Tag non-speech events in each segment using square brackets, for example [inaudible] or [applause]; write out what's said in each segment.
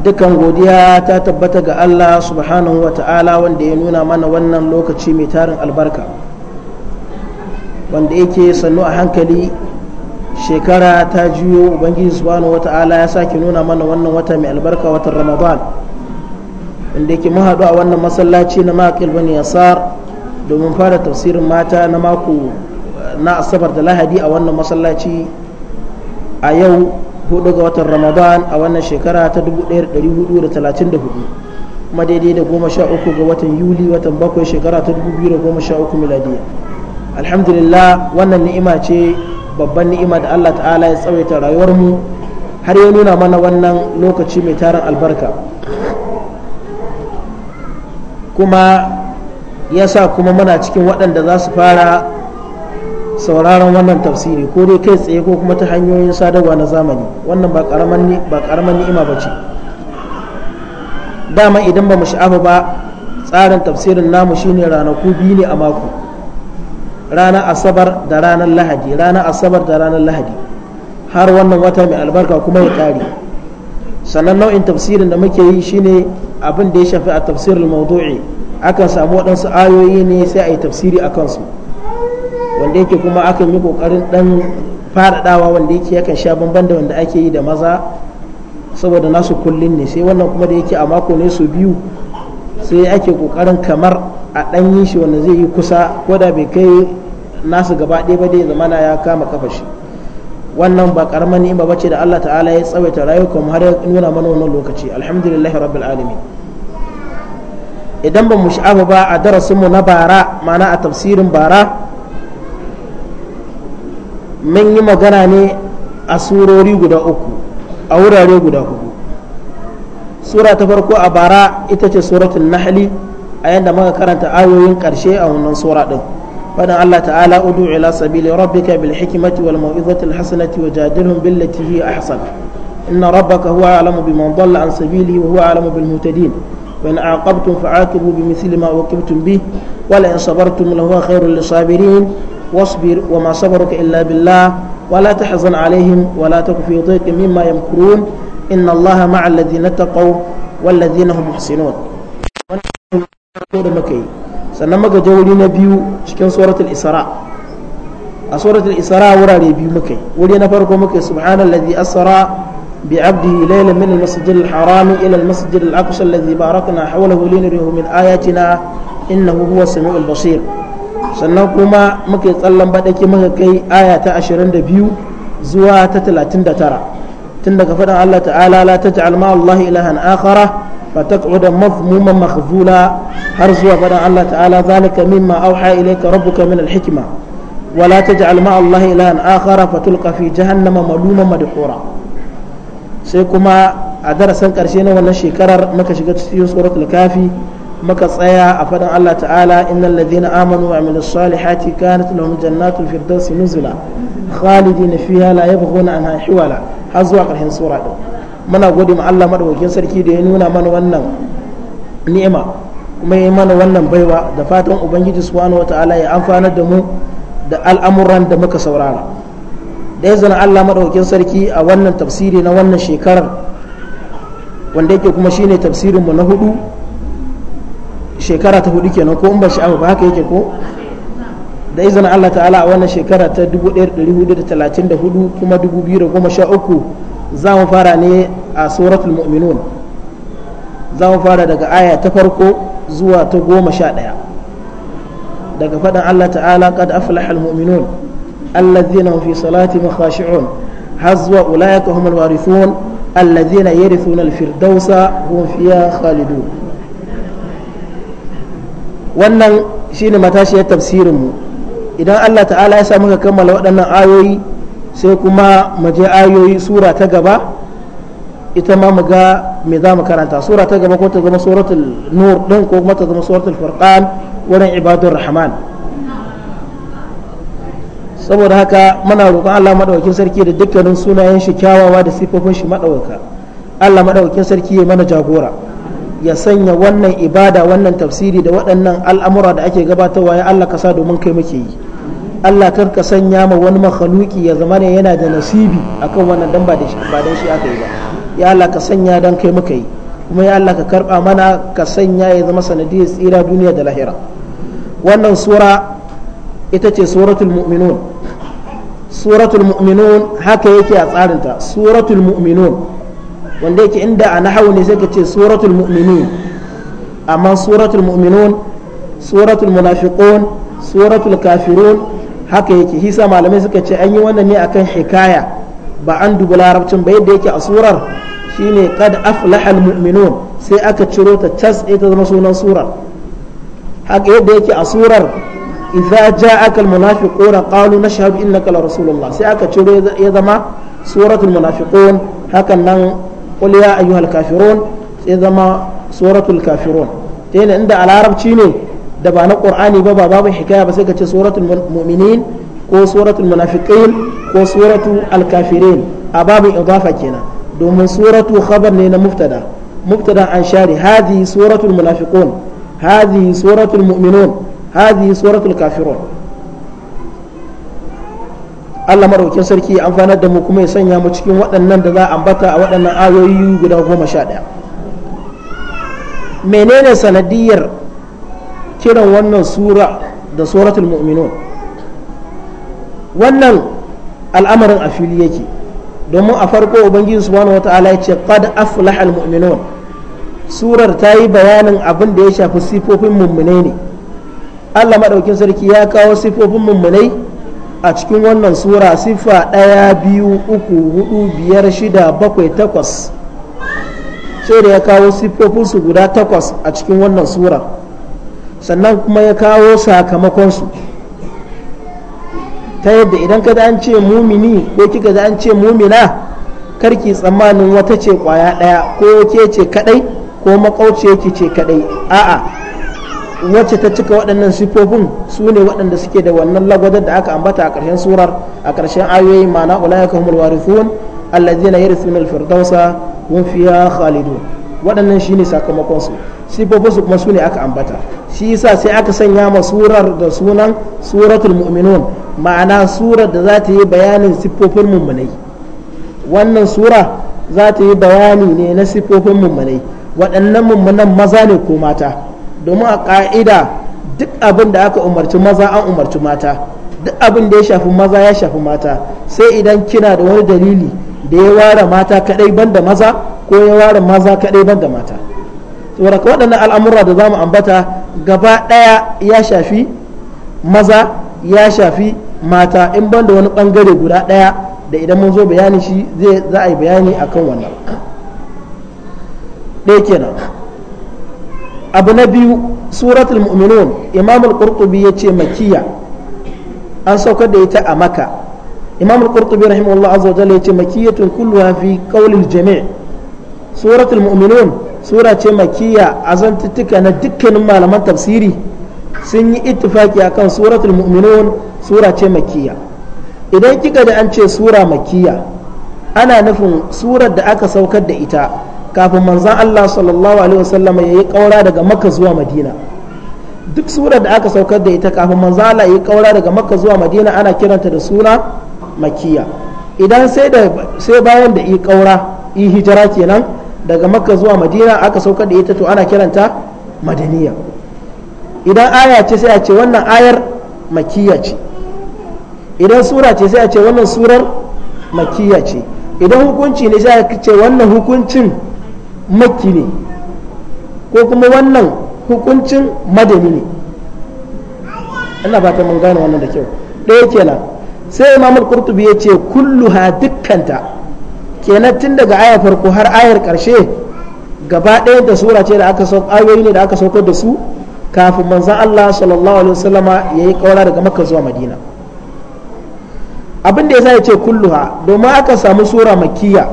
dukan godiya ta tabbata ga Allah subhanahu wa ta'ala wanda ya nuna mana wannan lokaci mai tarin albarka wanda yake sannu a hankali shekara ta juyo ubangiji subhanahu wa ta'ala ya sake nuna mana wannan wata mai albarka watan ramadan wanda yake a wannan masallaci na makil wani yasar domin fara tafsirin mata na mako na asabar da lahadi a wannan masallaci a yau hudu ga watan ramadan a wannan shekara ta 1434 kuma daidai da goma sha uku ga watan yuli watan bakwai shekara ta 2013 miladiya alhamdulillah wannan ni'ima ce babban ni'ima da allah ta'ala ya tsawaita rayuwarmu har ya nuna mana wannan lokaci mai tarin albarka kuma ya sa kuma muna cikin waɗanda za su fara sauraron wannan tafsiri ko dai kai tsaye ko kuma ta hanyoyin sadarwa na zamani wannan ba karaman ni'ima ba ce dama idan ba mu sha'afa ba tsarin tafsirin namu shine ranaku biyu ne a mako ranar asabar da ranar lahadi ranar asabar da ranar lahadi har wannan wata mai albarka kuma ya kare sannan nau'in tafsirin da muke yi shine abin da ya shafi a tafsirin maudu'i akan samu waɗansu ayoyi ne sai a yi tafsiri a kansu wanda yake kuma aka yi kokarin dan faɗaɗawa wanda yake yakan sha bamban da wanda ake yi da maza saboda nasu kullun ne sai wannan kuma da yake a mako ne su biyu sai ake kokarin kamar a ɗan yi shi wanda zai yi kusa ko da bai kai nasu gaba ɗaya ba dai zamana ya kama kafa shi wannan ba karamar ba bace da Allah ta'ala ya tsawaita rayukan har ya nuna mana wannan lokaci alhamdulillahi rabbil alamin idan ba mu sha'aba ba a darasin mu na bara ma'ana a tafsirin bara mun yi magana ne a surori guda uku a wurare guda hudu sura ta farko a bara ita ce suratun nahli a yadda muka karanta ayoyin karshe a wannan sura din fadin Allah ta'ala udu ila sabili rabbika bil hikmati wal mau'izati al hasanati wajadilhum billati hi ahsan inna rabbaka huwa a'lamu biman dhalla an sabili wa huwa a'lamu bil muhtadin وإن عاقبتم فعاقبوا بمثل ما عوقبتم به ولئن صبرتم لهو خير للصابرين واصبر وما صبرك إلا بالله ولا تحزن عليهم ولا تك في ضيق مما يمكرون إن الله مع الذين اتقوا والذين هم محسنون سنمك جولي نبيو شكين سورة الإسراء سورة الإسراء a suratul مكي wurare biyu مكي سبحان الذي أسرى بعبده ليلا من المسجد الحرام إلى المسجد الأقصى الذي باركنا حوله لنريه من آياتنا إنه هو السميع البصير sannan kuma muka yi tsallan baɗaki muka kai aya ta 22 zuwa ta 39 tun daga faɗin Allah ta'ala la ta ta'al ma Allah ilahan akhara fa taq'uda mazmuman makhzula har zuwa faɗin Allah ta'ala zalika mimma auha ilaika rabbuka min al-hikma wa la taj'al ma Allah ilahan akhara fa tulqa fi jahannama maluman madhura sai kuma a darasin karshe na wannan shekarar muka shiga cikin suratul kafi muka tsaya a faɗin Allah ta'ala innal ladhina amanu wa amilus salihati kanat lahum jannatul firdausi nuzula khalidina fiha la yabghuna anha hiwala har zuwa karshen sura din muna gode ma Allah madaukakin sarki da ya nuna mana wannan ni'ima kuma ya mana wannan baiwa da fatan ubangiji subhanahu wata'ala ya amfanar da mu da al'amuran da muka saurara da ya zana Allah madaukakin sarki a wannan tafsiri na wannan shekarar wanda yake kuma shine tafsirin mu na hudu shekara ta hudu kenan ko in ba sha'awa ba haka yake ko da izina Allah ta'ala a wannan shekara ta 1434 kuma 2013 za mu fara ne a suratul mu'minun za mu fara daga aya ta farko zuwa ta goma sha ɗaya daga faɗin Allah ta'ala qad aflaha almu'minun alladhina hum fi salatihim khashi'un har zuwa ulaika humul warithun alladhina yarithuna firdausa hum fiha khalidun wannan shine matashiyar tafsirin mu idan Allah ta'ala ya samu ka kammala waɗannan ayoyi sai kuma maje ayoyi sura ta gaba ita ma mu ga me za mu karanta sura ta gaba ko ta zama suratul nur din ko kuma ta zama suratul furqan wurin ibadur rahman saboda haka muna roƙon Allah madaukakin sarki da dukkanin sunayen shi kyawawa da sifofin shi madauka Allah madaukakin sarki ya mana jagora ya sanya wannan ibada wannan tafsiri da waɗannan al'amura da ake gabatarwa ya Allah kasa domin kai muke yi Allah kar ka sanya ma wani makhaluki ya zama ne yana da nasibi akan wannan dan ba da shi aka yi ba ya Allah ka sanya dan kai muka yi kuma ya Allah ka karba mana ka sanya ya zama sanadiyar tsira duniya da lahira wannan sura ita ce suratul mu'minun suratul mu'minun haka yake a tsarinta suratul mu'minun wanda yake inda a nahawu ne sai ka ce suratul mu'minun amma suratul mu'minun suratul munafiqun suratul kafirun haka yake hisa malamai suka ce an yi wannan ne akan hikaya ba an dubi larabcin ba yadda yake a surar shine qad aflahal mu'minun sai aka ciro ta cas ita zama sunan surar haka yadda yake a surar idza ja'aka almunafiqun qalu nashhadu innaka la rasulullah sai aka ciro ya zama suratul munafiqun hakan nan qul ya ayyuhal kafirun sai zama suratul kafirun ta inda a larabci ne da ba na qur'ani ba ba babin hikaya ba sai ka ce suratul mu'minin ko suratul munafiqin ko suratul alkafirin a babin idafa kenan domin suratu khabar ne na mubtada mubtada an share hadhihi suratul munafiqun hadhihi suratul mu'minun hadhihi suratul kafirun Allah maraukin sarki ya amfanar da mu kuma ya sanya mu cikin waɗannan da za a ambata a waɗannan ayoyi guda goma sha ɗaya menene sanadiyar kiran wannan sura da suratul mu'minun wannan al'amarin a fili yake domin a farko ubangiji subhanahu ta'ala ya ce qad aflaha almu'minun surar ta yi bayanin abin da ya shafi sifofin muminai ne Allah madaukin sarki ya kawo sifofin mummunai a cikin wannan sura sifa ɗaya biyu uku hudu biyar shida bakwai takwas sai da ya kawo siffofinsu guda takwas a cikin wannan sura sannan kuma ya kawo sakamakonsu ta yadda idan ka an ce mumini ko kika da an ce mumina karki tsammanin wata ce kwaya ɗaya ko ke ce kadai ko yake ce kadai a'a wacce ta cika waɗannan sifofin su ne waɗanda suke da wannan lagwadar da aka ambata a ƙarshen surar a ƙarshen ayoyi ma'ana ulaika humul warithun alladhina yarithuna al-firdausa hum fiha khalidun waɗannan shine sakamakon su sifofin su kuma su ne aka ambata shi yasa sai aka sanya ma surar da sunan suratul mu'minun ma'ana surar da za ta yi bayanin sifofin mummunai wannan sura za ta yi bayani ne na sifofin mummunai waɗannan mummunan maza ne ko mata domin a ka'ida duk abin da aka umarci maza an umarci mata duk abin da ya shafi maza ya shafi mata sai idan kina da wani dalili da ya ware mata kadai banda maza ko ya ware maza kadai banda mata saboda waɗannan al'amura da za mu ambata gaba ɗaya ya shafi maza ya shafi mata in banda wani ɓangare guda ɗaya da idan mun zo bayani shi za a yi bayani akan wannan kenan abu na biyu suratul mu'minun imam al-qurtubi ce makiya an saukar da ita a maka imam al-qurtubi rahimahullah azza wa jalla ce makiyatun kulluha fi qawlil jami' suratul mu'minun sura ce makiya a zantuttuka na dukkanin malaman tafsiri sun yi ittifaki akan suratul mu'minun sura ce makiya idan kika da an ce sura makiya ana nufin surar da aka saukar da ita kafin manzan Allah sallallahu alaihi wasallam ya yi kaura daga makka zuwa madina duk surar da aka saukar da ita kafin manzan Allah ya yi kaura daga makka zuwa madina ana kiranta da suna makiya idan sai da sai bayan da yi kaura yi hijira kenan daga makka zuwa madina aka saukar da ita to ana kiranta madaniya idan aya ce sai a ce wannan ayar makiya ce idan sura ce sai a ce wannan surar makiya ce idan hukunci ne sai a ce wannan hukuncin makki ne ko kuma wannan hukuncin madani ne ina ba ta mun wannan da kyau ɗaya kenan sai imam al-qurtubi ya ce kulluha dukkanta kenan tun daga ayar farko har ayar karshe gaba ɗaya da sura ce da aka sauka ayoyi ne da aka saukar da su kafin manzon Allah sallallahu alaihi ya yi kaura daga Makka zuwa Madina abin da sa ya ce kulluha domin aka samu sura makkiya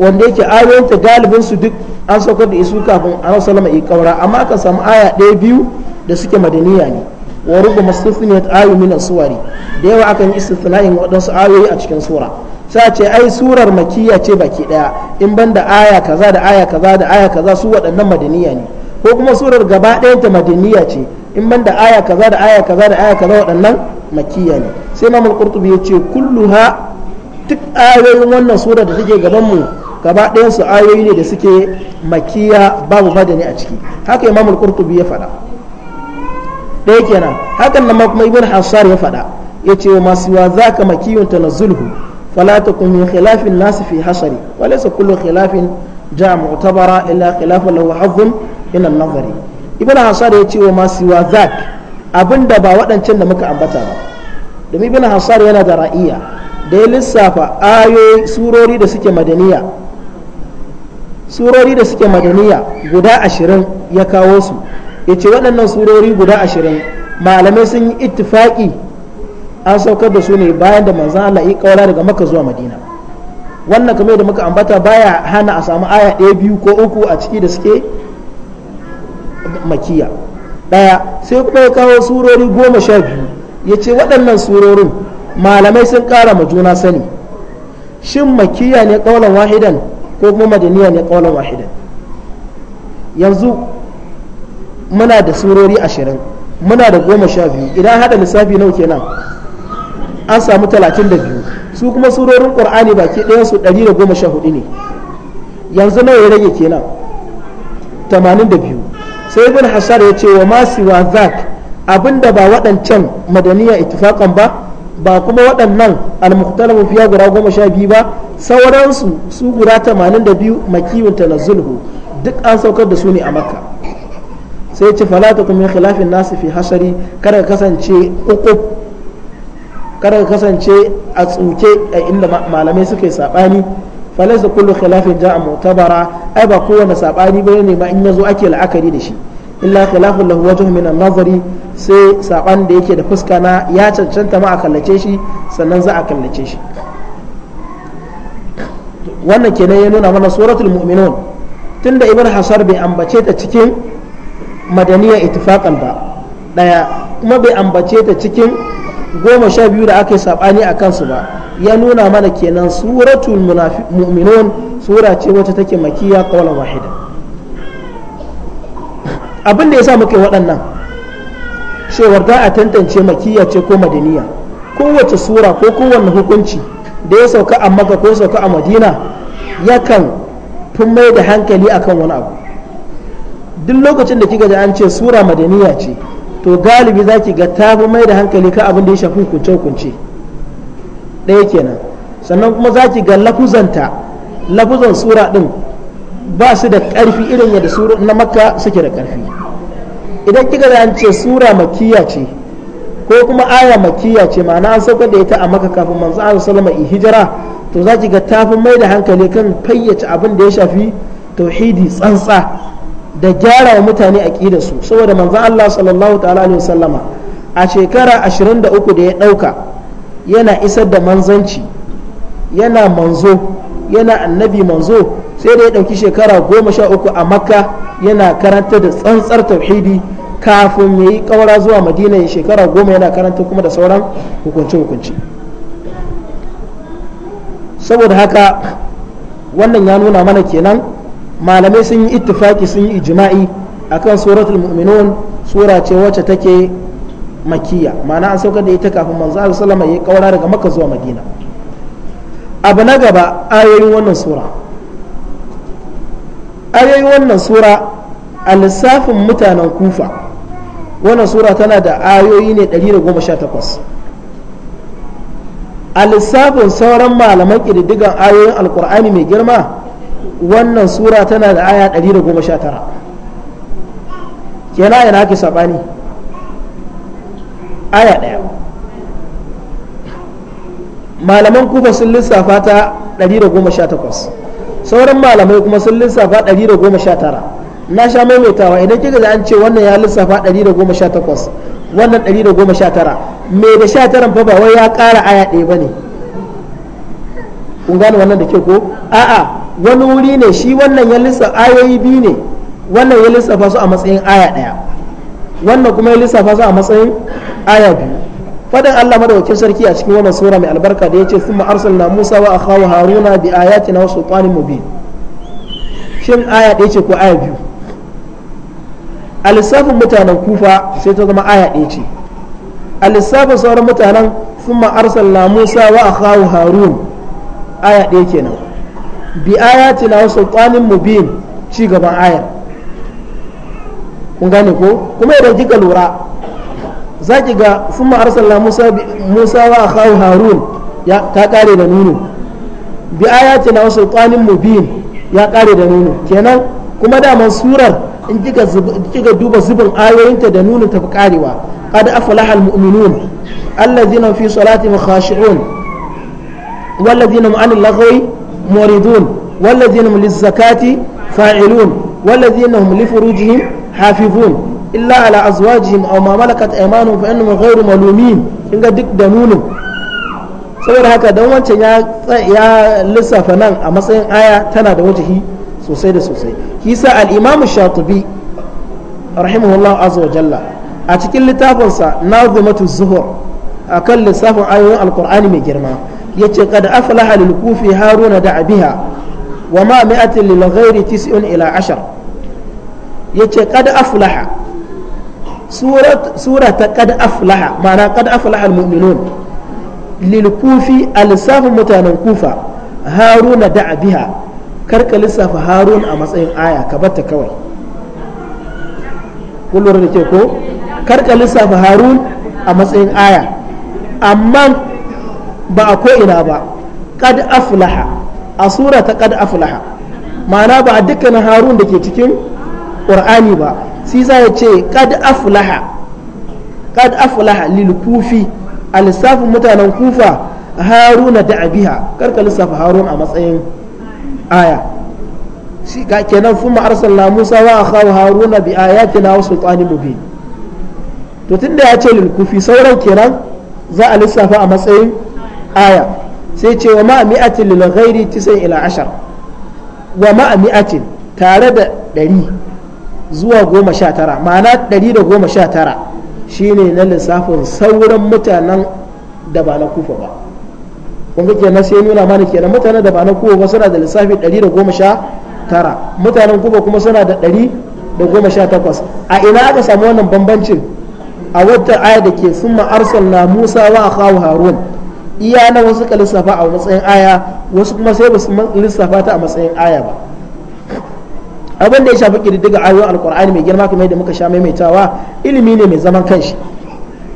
wanda yake ayoyinta galibin su duk an saukar da isu kafin an salama yi kaura amma aka samu aya ɗaya biyu da suke madaniya ne wa rubu ya ayu min suwari da yawa akan yi istithna'in waɗansu ayoyi a cikin sura sai ce ai surar makiyya ce baki ɗaya in ban da aya kaza da aya kaza da aya kaza su waɗannan madaniya ne ko kuma surar gaba ɗayanta madaniya ce in ban da aya kaza da aya kaza da aya kaza waɗannan makiyya ne sai Imam Al-Qurtubi ya ce kulluha duk ayoyin wannan sura da take gaban mu gaba ɗayan su ayoyi ne da suke makiya babu madani a ciki haka imam al-qurtubi ya faɗa ɗaya kenan hakan nan kuma ibn hassar ya faɗa ya ce wa masu wa za ka makiyun tanazzulhu fala kun min khilafin nasu fi hasari wa laysa khilafin ja'a mu'tabara illa khilafin lahu hazzun ina nazari ibn hasar ya ce wa masu wa abinda ba waɗancan da muka ambata ba domin ibn hasar yana da ra'iya da ya lissafa ayoyi surori da suke madaniya surori da suke madaniya guda ashirin ya kawo su ya ce waɗannan surori guda ashirin malamai sun yi ittifaƙi an saukar da su ne bayan da manzan Allah ya ƙaura daga maka zuwa madina wannan kamar da muka ambata baya hana a samu aya ɗaya biyu ko uku a ciki da suke makiya ɗaya sai kuma ya kawo surori goma sha biyu ya ce waɗannan surorin malamai sun ƙara ma juna sani shin makiya ne ƙaunar wahidan ko kuma madaniya ne kawalan wahida yanzu muna da surori ashirin muna da goma sha biyu idan hada lissafi nau kenan an samu talatin da biyu su kuma surorin ƙur'ani baki ɗayan su ɗari da goma sha hudu ne yanzu nawa ya rage kenan tamanin da biyu sai ibn hashar ya ce wa masu wazak zak abinda ba waɗancan madaniya ittifaqan ba ba kuma waɗannan almuhtalamu fiya guda goma sha biyu ba sauransu su guda tamanin da biyu makiyun tanazzulhu duk an saukar da su ne a makka sai ce falata kuma khilafin nasu fi hasari kada kasance uku kada kasance a tsuke a inda malamai suka yi saɓani falaisa kullu khilafin ja'a mutabara ai ba kowane saɓani ba ne ma in yazo ake la'akari da shi illa khilafun lahu wajh min an-nazari sai saban da yake da fuska na ya cancanta ma a kallace shi sannan za a kallace shi wannan kenan ya nuna mana suratul mu'minun tunda ibn hasar bai ambace ta cikin madaniya ittifaqan ba daya kuma bai ambace ta cikin goma sha biyu da aka yi sabani a kansu ba ya nuna mana kenan suratul mu'minun sura ce wacce take makiya qawlan wahida abin da ya sa muke waɗannan cewar za a tantance makiyya ce ko madaniya kowace sura ko kowane hukunci da ya sauka a maka ko sauka a madina yakan fi mai da hankali akan wani abu duk lokacin da kika ji an ce sura madaniya ce to galibi za ki ga ta fi mai da hankali ka abin da ya shafi hukunce hukunce ɗaya kenan sannan kuma za ki ga lafuzanta lafuzan sura ɗin ba su da ƙarfi irin yadda sura na makka suke da ƙarfi idan kika da ce sura makiya ce ko kuma aya makiya ce ma'ana an sauka da ita a maka kafin manzo Allah sallama i hijira to za ki ga ta fi mai da hankali kan fayyace abin da ya shafi tauhidi tsantsa da gyara wa mutane a da su saboda manzo Allah sallallahu ta'ala alaihi sallama a shekara ashirin da uku da ya ɗauka yana isar da manzanci yana manzo yana annabi manzo sai da ya ɗauki shekara goma sha uku a makka yana karanta da tsantsar tauhidi kafin ya yi ƙaura zuwa madina ya shekara goma yana karanta kuma da sauran hukunce-hukunce saboda haka wannan ya nuna mana kenan malamai sun yi ittifaki sun yi ijima'i akan suratul mu'minun sura ce wacce take makiya ma'ana an saukar da ita kafin manzo Allah ya yi kaura daga makka zuwa madina abu na gaba ayoyin wannan sura ayoyin wannan sura a lissafin mutanen kufa wannan sura tana da ayoyi ne 118 a lissafin sauran malaman ƙididdigan ayoyin alkur'ani mai girma wannan sura tana da aya 119 kenan yana ake saɓani aya ɗaya malaman kufa sun lissafa ta 118 sauran malamai kuma sun lissafa 119 na sha maimaitawa idan kika da an ce wannan ya lissafa 118 wannan 119 mai da 19 fa ba wai ya ƙara aya ɗaya ba ne kun gane wannan da ke ko a'a wani wuri ne shi wannan ya lissafa ayoyi biyu ne wannan ya lissafa su a matsayin aya ɗaya wannan kuma ya lissafa su a matsayin aya biyu faɗin Allah madaukakin sarki a cikin wannan sura mai albarka da yace kuma arsalna Musa wa akhahu Haruna bi ayatina wa sultanin mubin shin aya da yace ko aya biyu a lissafin mutanen kufa sai ta zama aya da yace a lissafin sauran mutanen kuma arsalna Musa wa akhahu Harun aya yake nan bi ayatina wa sultanin mubin ci gaban ayar kun gane ko kuma idan kika lura za ki ga sun ma'arsalla musa wa kawo harun ta kare da nuno bi ayati na wasu kwanin mubin ya kare da nuno kenan kuma daman surar in kika duba zubin ayoyinta da nuno tafi karewa qad aflaha almu'minun alladhina fi salatihim khashi'un والذين هم عن اللغو موردون والذين هم للزكاة فاعلون والذين هم لفروجهم حافظون illa ala azwajihim aw ma malakat aymanuhum fa innahum ghayru malumin kin duk da nunin saboda haka dan wancan ya ya lissafa nan a matsayin aya tana da wajihi sosai da sosai kisa al-imam shatibi rahimahullah azza wa jalla a cikin littafinsa nazimatu zuhur akan lissafin ayoyin alqur'ani mai girma yace kad aflaha lil kufi haruna da biha wa ma mi'atin lil ghairi tis'un ila ashar yace kad aflaha sura ta kad aflaha ma'ana kad aflaha almu'minun lil kufi alisafin mutanen kufa haruna da biha karka lissafa harun a matsayin aya ka kawai kun da ke ko karka lissafa harun a matsayin aya amma ba a ko'ina ba kad aflaha a sura ta kad aflaha ma'ana ba a dukkanin harun da ke cikin ƙur'ani ba sai za ya ce kad aflaha kad aflaha lil kufi a lissafin mutanen kufa haruna da abiha karka lissafa harun a matsayin aya shi ga kenan fun arsalna musa wa akhahu haruna bi ayatina wa sultani mubin to tunda ya ce lil kufi sauran kenan za a lissafa a matsayin aya sai ce wa ma mi'atin lil ghairi 9 ila 10 wa ma'a mi'atin tare da ɗari zuwa goma sha tara ma'ana ɗari da goma sha tara shine na lissafin sauran mutanen da ba na kufa ba kun ga kenan sai nuna mana kenan mutanen da ba na kufa ba suna da lissafi ɗari da goma sha tara mutanen kufa kuma suna da ɗari da goma sha takwas a ina aka samu wannan bambancin a wata aya da ke sun ma'arsal na musa wa akawu harun iya na wasu ka lissafa a matsayin aya wasu kuma sai ba su lissafa ta a matsayin aya ba abin da ya shafi kididdiga ayoyin alkur'ani mai girma kamar yadda muka sha maimaitawa ilimi ne mai zaman kanshi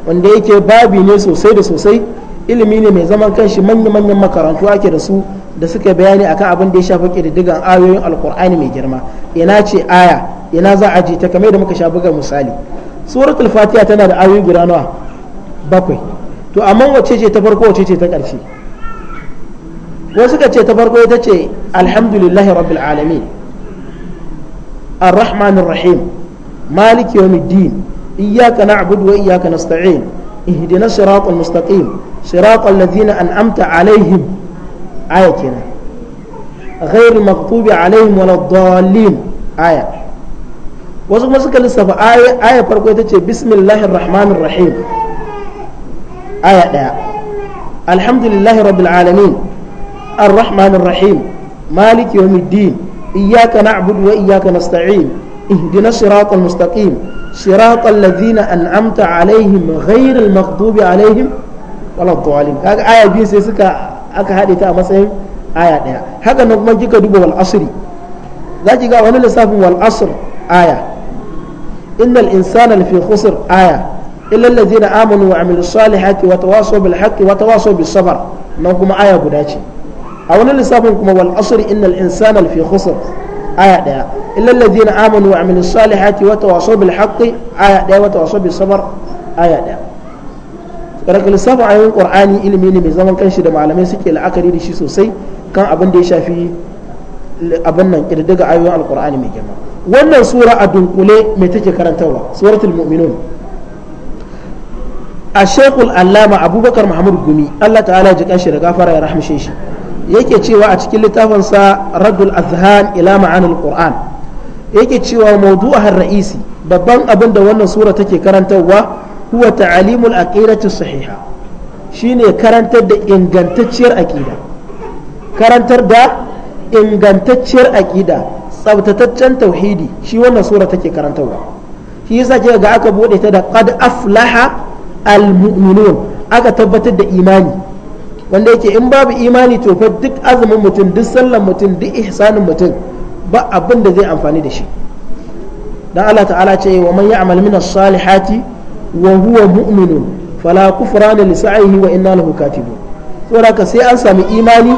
wanda yake babi ne sosai da sosai ilimi ne mai zaman kanshi manya-manyan makarantu ake da su da suka bayani akan abin da ya shafi kididdigan ayoyin alkur'ani mai girma ina ce aya ina za a ta kamar yadda muka sha buga misali suratul fatiha tana da ayoyi guda nawa bakwai to amma wacce ce ta farko wacce ce ta ƙarshe wasu ka ce ta farko ita ce alhamdulillahi rabbil alamin الرحمن الرحيم مالك يوم الدين إياك نعبد وإياك نستعين اهدنا الصراط المستقيم صراط الذين أنعمت عليهم آيتنا غير المغضوب عليهم ولا الضالين آية وصف مسك لسفة آية آية فرقوة بسم الله الرحمن الرحيم آية آية الحمد لله رب العالمين الرحمن الرحيم مالك يوم الدين إياك نعبد وإياك نستعين اهدنا الصراط المستقيم صراط الذين أنعمت عليهم غير المغضوب عليهم ولا الضالين هذا آية بي سيسكا أكا هذه تأمسهم آية ديها هذا نقوم جيكا دوبا والعصر لا جيكا وانا لسافهم والعصر آية إن الإنسان لفي خسر آية إلا الذين آمنوا وعملوا الصالحات وتواصوا بالحق وتواصوا بالصبر نقوم آية بداتي a wani lissafin kuma wal asr innal insana fi khusr aya daya illa alladhina amanu wa amilus salihati wa tawasaw bil haqqi aya daya wa tawasaw bis sabr aya daya karaka lissafin ayoyin qur'ani ilimi ne mai zaman kanshi da malamai suke la'akari da shi sosai kan abin da ya shafi abin nan kirdiga ayoyin alqur'ani mai girma wannan sura a dunkule mai take karantarwa suratul mu'minun a shekul allama abubakar muhammad gumi allah ta'ala ya ji kanshi da gafara ya rahmashe shi yake cewa a cikin littafinsa raddul azhan ila ma'anil qur'an yake cewa har ra'isi babban abin da wannan sura take karantarwa huwa ta'alimul aqidati sahiha shine karantar da ingantacciyar aqida karantar da ingantacciyar aqida tsabtataccen tauhidi shi wannan sura take karantarwa shi yasa kika ga aka bude ta da qad aflaha al aka tabbatar da imani wanda yake in babu imani to fa duk azumin mutum duk sallan mutum duk ihsanin mutum ba abin da zai amfani da shi dan Allah ta'ala ce wa man ya'mal min as-salihati wa huwa mu'minun fala kufran li sa'ihi wa inna lahu katibun saboda ka sai an sami imani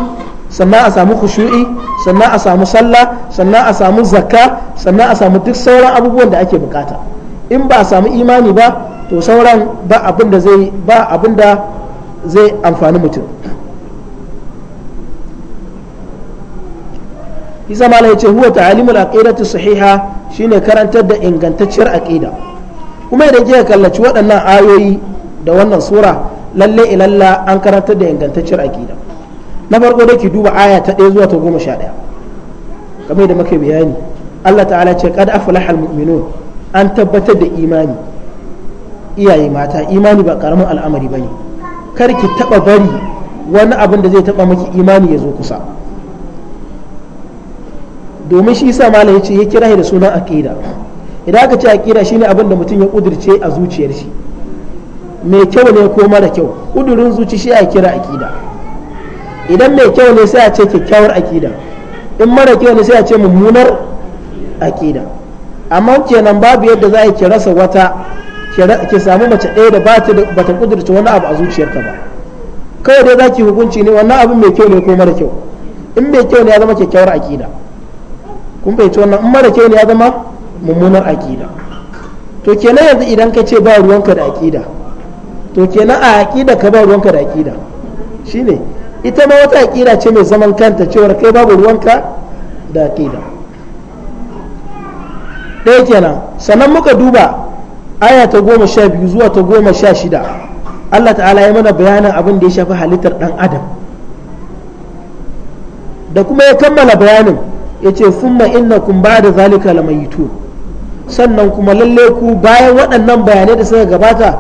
sannan a samu khushu'i sannan a samu sallah sannan a samu zakka sannan a samu duk sauran abubuwan da ake bukata in ba a samu imani ba to sauran ba abin da zai ba abin da zai amfani mutum isa mala ya ce huwa ta'alimul aqidati sahiha shine karantar da ingantacciyar aqida kuma idan kika kallaci waɗannan ayoyi da wannan sura lalle ilalla an karantar da ingantacciyar aqida na farko da ki duba aya ta 1 zuwa ta 11 kamar da muke bayani Allah ta'ala ce qad aflaha almu'minun an tabbatar da imani iyaye mata imani ba karamin al'amari bane kar ki taba bari wani abin da zai taba maki imani ya zo kusa domin shi yasa ya ce ya kira da sunan aqida idan aka ce aqida shine abin da mutum ya kudirce a zuciyar shi mai kyau ne ko mara kyau kudurin zuci shi a kira aqida idan mai kyau ne sai a ce kyakkyawar aqida in mara kyau ne sai a ce mummunar aqida amma kenan babu yadda za a ki rasa wata ke samu mace ɗaya da bata bata kudurta wani abu a zuciyarta ba kawai dai za ki hukunci ne wannan abin mai kyau ne ko mara kyau in mai kyau ne ya zama kyakkyawar akida kun fahimci wannan in mara kyau ne ya zama mummunar akida to kenan yanzu idan ka ce ba ruwanka da akida to kenan a akida ka ba ruwanka da akida shine ita ma wata akida ce mai zaman kanta cewar kai babu ruwanka da akida ɗaya kenan sannan muka duba aya ta goma sha biyu zuwa ta goma sha shida Allah ta'ala ya mana bayanin abin da ya shafi halittar ɗan adam da kuma ya kammala bayanin ya ce inna kun ba da zalika la lamayitun sannan kuma lalle ku bayan waɗannan bayanai da suka gabata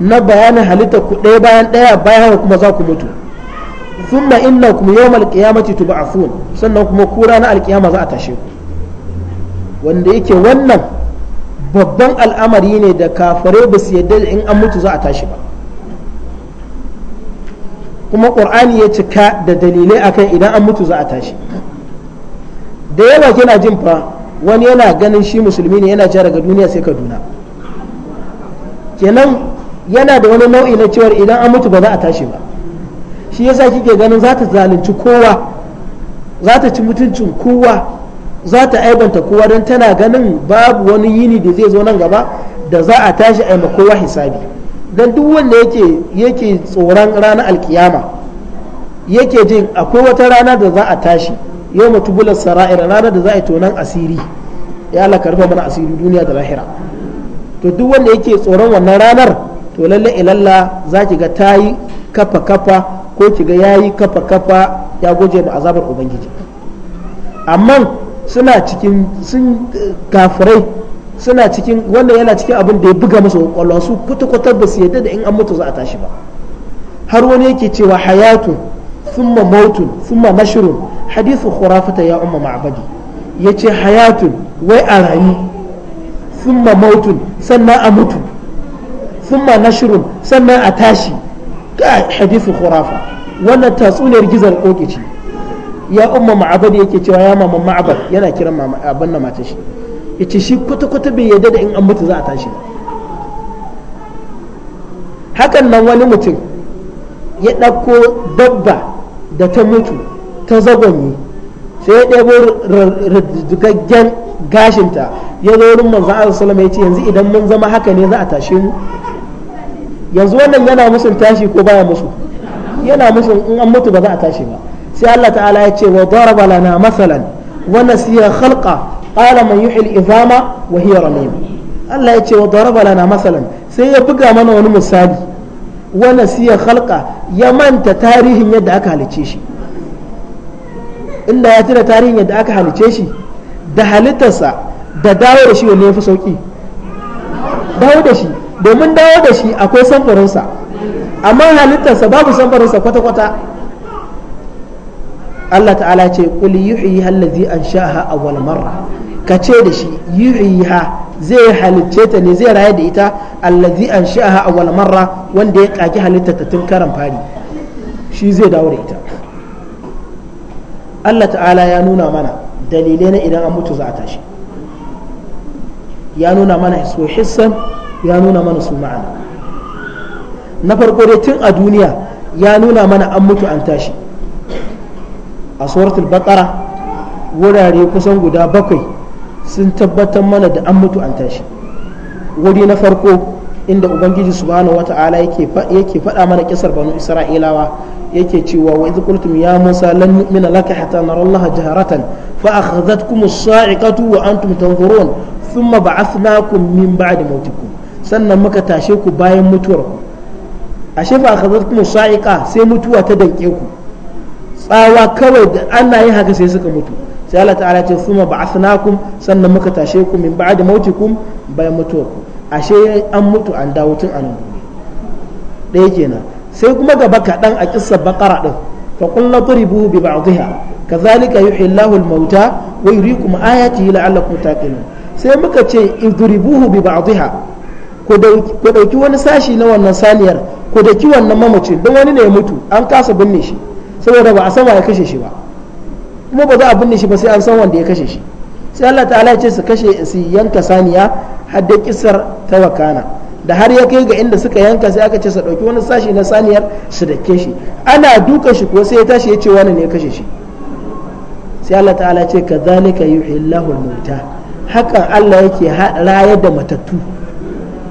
na bayanin halittar ku ɗaya bayan ɗaya bayan kuma za ku mutu summa innakum yawmal qiyamati tub'afun sannan kuma ku ranar alkiyama za a tashe ku wanda yake wannan babban al'amari ne da kafare ba su yadda in an mutu za a tashi ba kuma ƙur'ani ya cika da dalilai akan idan an mutu za a tashi da yawa kina jin fa wani yana ganin shi musulmi ne yana cewa daga duniya sai kaduna kenan yana da wani nau'i na cewar idan an mutu ba za a tashi ba shi yasa kike ganin za ta zalunci kowa za ta ci mutuncin kowa za ta aibanta kowa don tana ganin babu wani yini da zai zo nan gaba da za a tashi a kowa hisabi don duk wanda yake yake tsoron ranar alkiyama yake jin akwai wata rana da za a tashi yau bulan sara'ira ranar da za a yi tonan asiri ya Allah karfa mana asiri duniya da lahira to duk wanda yake tsoron wannan ranar to lalle ilalla za ki ga tayi kafa kafa ko ki ga ya yi kafa kafa ya goje da azabar ubangiji amma suna cikin sun kafirai suna cikin wannan yana cikin abin da ya buga musu kwakwalwa su kwata-kwata ba su yadda da in an mutu za a tashi ba har wani yake cewa hayatun thumma mautun thumma nashrun hadithu khurafata ya umma ma'badi yace hayatun wai a rayu thumma mautun sannan a mutu thumma nashrun sannan a tashi ga hadithu khurafa wannan tatsuniyar gizar ce. ya umma ma'abad yake cewa ya mama ma'abad yana kiran abin na matar shi ce shi kwata kwata bai yarda da in an mutu za a tashi hakan nan wani mutum ya ɗauko dabba da ta mutu ta zagonyi sai ya ɗebo rigaggen gashinta ya zo wurin manzan Allah sallama ya ce yanzu idan mun zama haka ne za a tashe mu yanzu wannan yana musun tashi ko baya musu yana musun in an mutu ba za a tashi ba sai Allah ta'ala ya ce wa daraba lana masalan wa nasiya khalqa qala man yuhil izama wa hiya ramim Allah ya ce wa daraba lana masalan sai ya buga mana wani misali wa nasiya khalqa ya manta tarihin yadda aka halice shi inda ya tuna tarihin yadda aka halice shi da halittarsa da dawo da shi wani ya fi sauƙi. dawo da shi domin dawo da shi akwai samfurinsa amma halittarsa babu samfurinsa kwata-kwata Allah ta'ala ce qul yuhyi allazi anshaha awwal marra ka ce da shi yuhyiha zai halicce ta ne zai raye da ita allazi anshaha awwal marra wanda ya kaki halitta ta tun karan fari shi zai dawo da ita Allah ta'ala ya nuna mana dalilai na idan an mutu za a tashi ya nuna mana su hissan ya nuna mana su ma'ana na farko dai tun a duniya ya nuna mana an mutu an tashi a suratul baqara wurare kusan guda bakwai sun tabbatar mana da an mutu an tashi wuri na farko inda ubangiji subhanahu wata'ala yake yake faɗa mana kisar banu isra'ilawa yake cewa wa idh qultum ya musa lan nu'mina laka hatta nara allaha jaharatan fa akhadhatkum as-sa'iqatu wa antum tanzurun thumma ba'athnakum min ba'di mautikum sannan muka tashe ku bayan ku ashe fa akhadhatkum as-sa'iqa sai mutuwa ta danke ku tsawa kawai da ana yin haka sai suka mutu sai Allah ta'ala ce suma ba'athnakum sannan muka tashe ku min ba'da mautikum bayan mutuwarku ashe an mutu an dawo tun anan ɗaya kenan sai kuma gaba kaɗan a kissa baqara ɗin fa qulna turibu bi ba'dihha kadhalika yuhyi Allahu al-mauta wa yuriikum ayatihi la'allakum taqilun sai muka ce idribuhu bi ba'dihha ku dauki wani sashi na wannan saniyar ku dauki wannan mamacin don wani ne ya mutu an kasa binne shi saboda ba a san wa ya kashe shi ba kuma ba za a binne shi ba sai an san wanda ya kashe shi sai Allah ta'ala ya ce su kashe su yanka saniya har da kisar ta wakana da har ya kai ga inda suka yanka sai aka ce su dauki wani sashi na saniyar su dake shi ana dukan shi ko sai ya tashi ya ce wani ne ya kashe shi sai Allah ta'ala ce kadhalika yuhillahu al-mauta hakan Allah yake rayar da matattu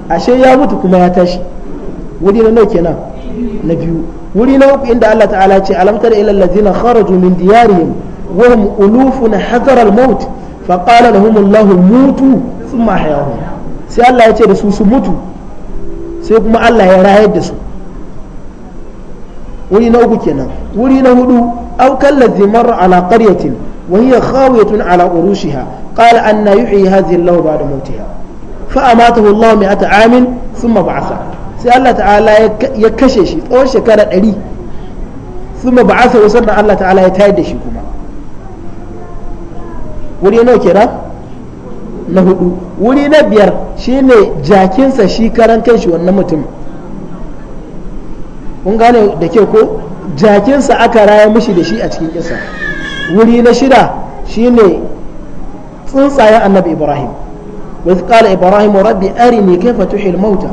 ashe ya mutu kuma ya tashi wuri na nawa kenan na biyu wuri na uku inda Allah ta'ala ce alam tara ila allazina kharaju min diyarihim wa hum ulufun hadara al-maut fa qala lahum Allah mutu thumma ahyahum sai Allah ya ce da su su mutu sai kuma Allah ya rayar da su wuri na uku kenan wuri na hudu aw kallazi marra ala qaryatin wa hiya khawiyatun ala urushiha qala anna yuhyi hadhihi Allah ba'da mautiha fa amatahu Allah mi'ata amin thumma ba'athahu sai Allah ta'ala ya kashe shi tsawon shekara ɗari sun ba ba'asa wasan da Allah ta'ala ya tayar da shi kuma wuri nawa kira na hudu wuri na biyar shine jakinsa shi karan kanshi wannan mutum kun gane da ke ko jakinsa aka raya mishi da shi a cikin kisa wuri na shida shine tsuntsayen annabi ibrahim wasu qala ibrahim rabbi arini kaifa tuhil mauta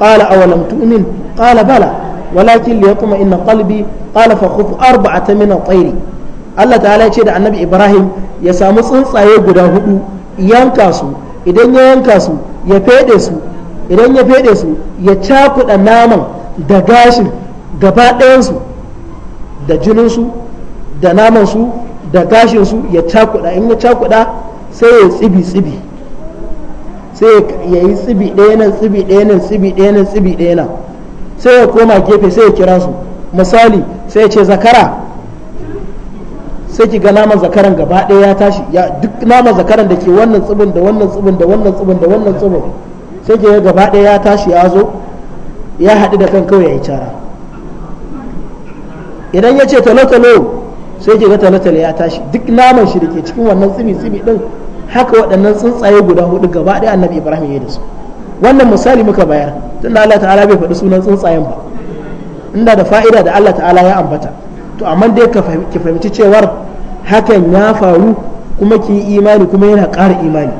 قال أولم تؤمن قال بلى ولكن ليطمئن قلبي قال فخذ أربعة من الطير الله تعالى يشهد عن النبي إبراهيم يسامو tsuntsaye guda hudu yanka su idan ya yanka su ya fede su idan ya fede su ya cakuɗa naman da gashin gaba ɗayansu da jininsu da namansu da gashinsu ya cakuɗa in ya cakuɗa sai ya tsibi tsibi sai ya yi tsibi ɗaya nan tsibi ɗaya nan tsibi ɗaya nan tsibi ɗaya nan sai ya koma gefe sai ya kira su misali sai ya ce zakara sai ki ga naman zakaran gaba ɗaya ya tashi ya duk naman zakaran da ke wannan tsibin da wannan tsibin da wannan tsibin da wannan tsibin sai ki ga gaba ɗaya ya tashi ya zo ya haɗu da kan kawai ya yi cara idan ya ce talo-talo sai ki ga talotalo ya tashi duk naman shi da ke cikin wannan tsibi tsibi ɗin haka waɗannan tsuntsaye guda hudu gaba ɗaya annabi ibrahim ya da su wannan misali muka bayar tun da Allah ta'ala bai faɗi sunan tsuntsayen ba inda da fa'ida da Allah ta'ala ya ambata to amma dai ki fahimci cewar hakan ya faru kuma ki yi imani kuma yana ƙara imani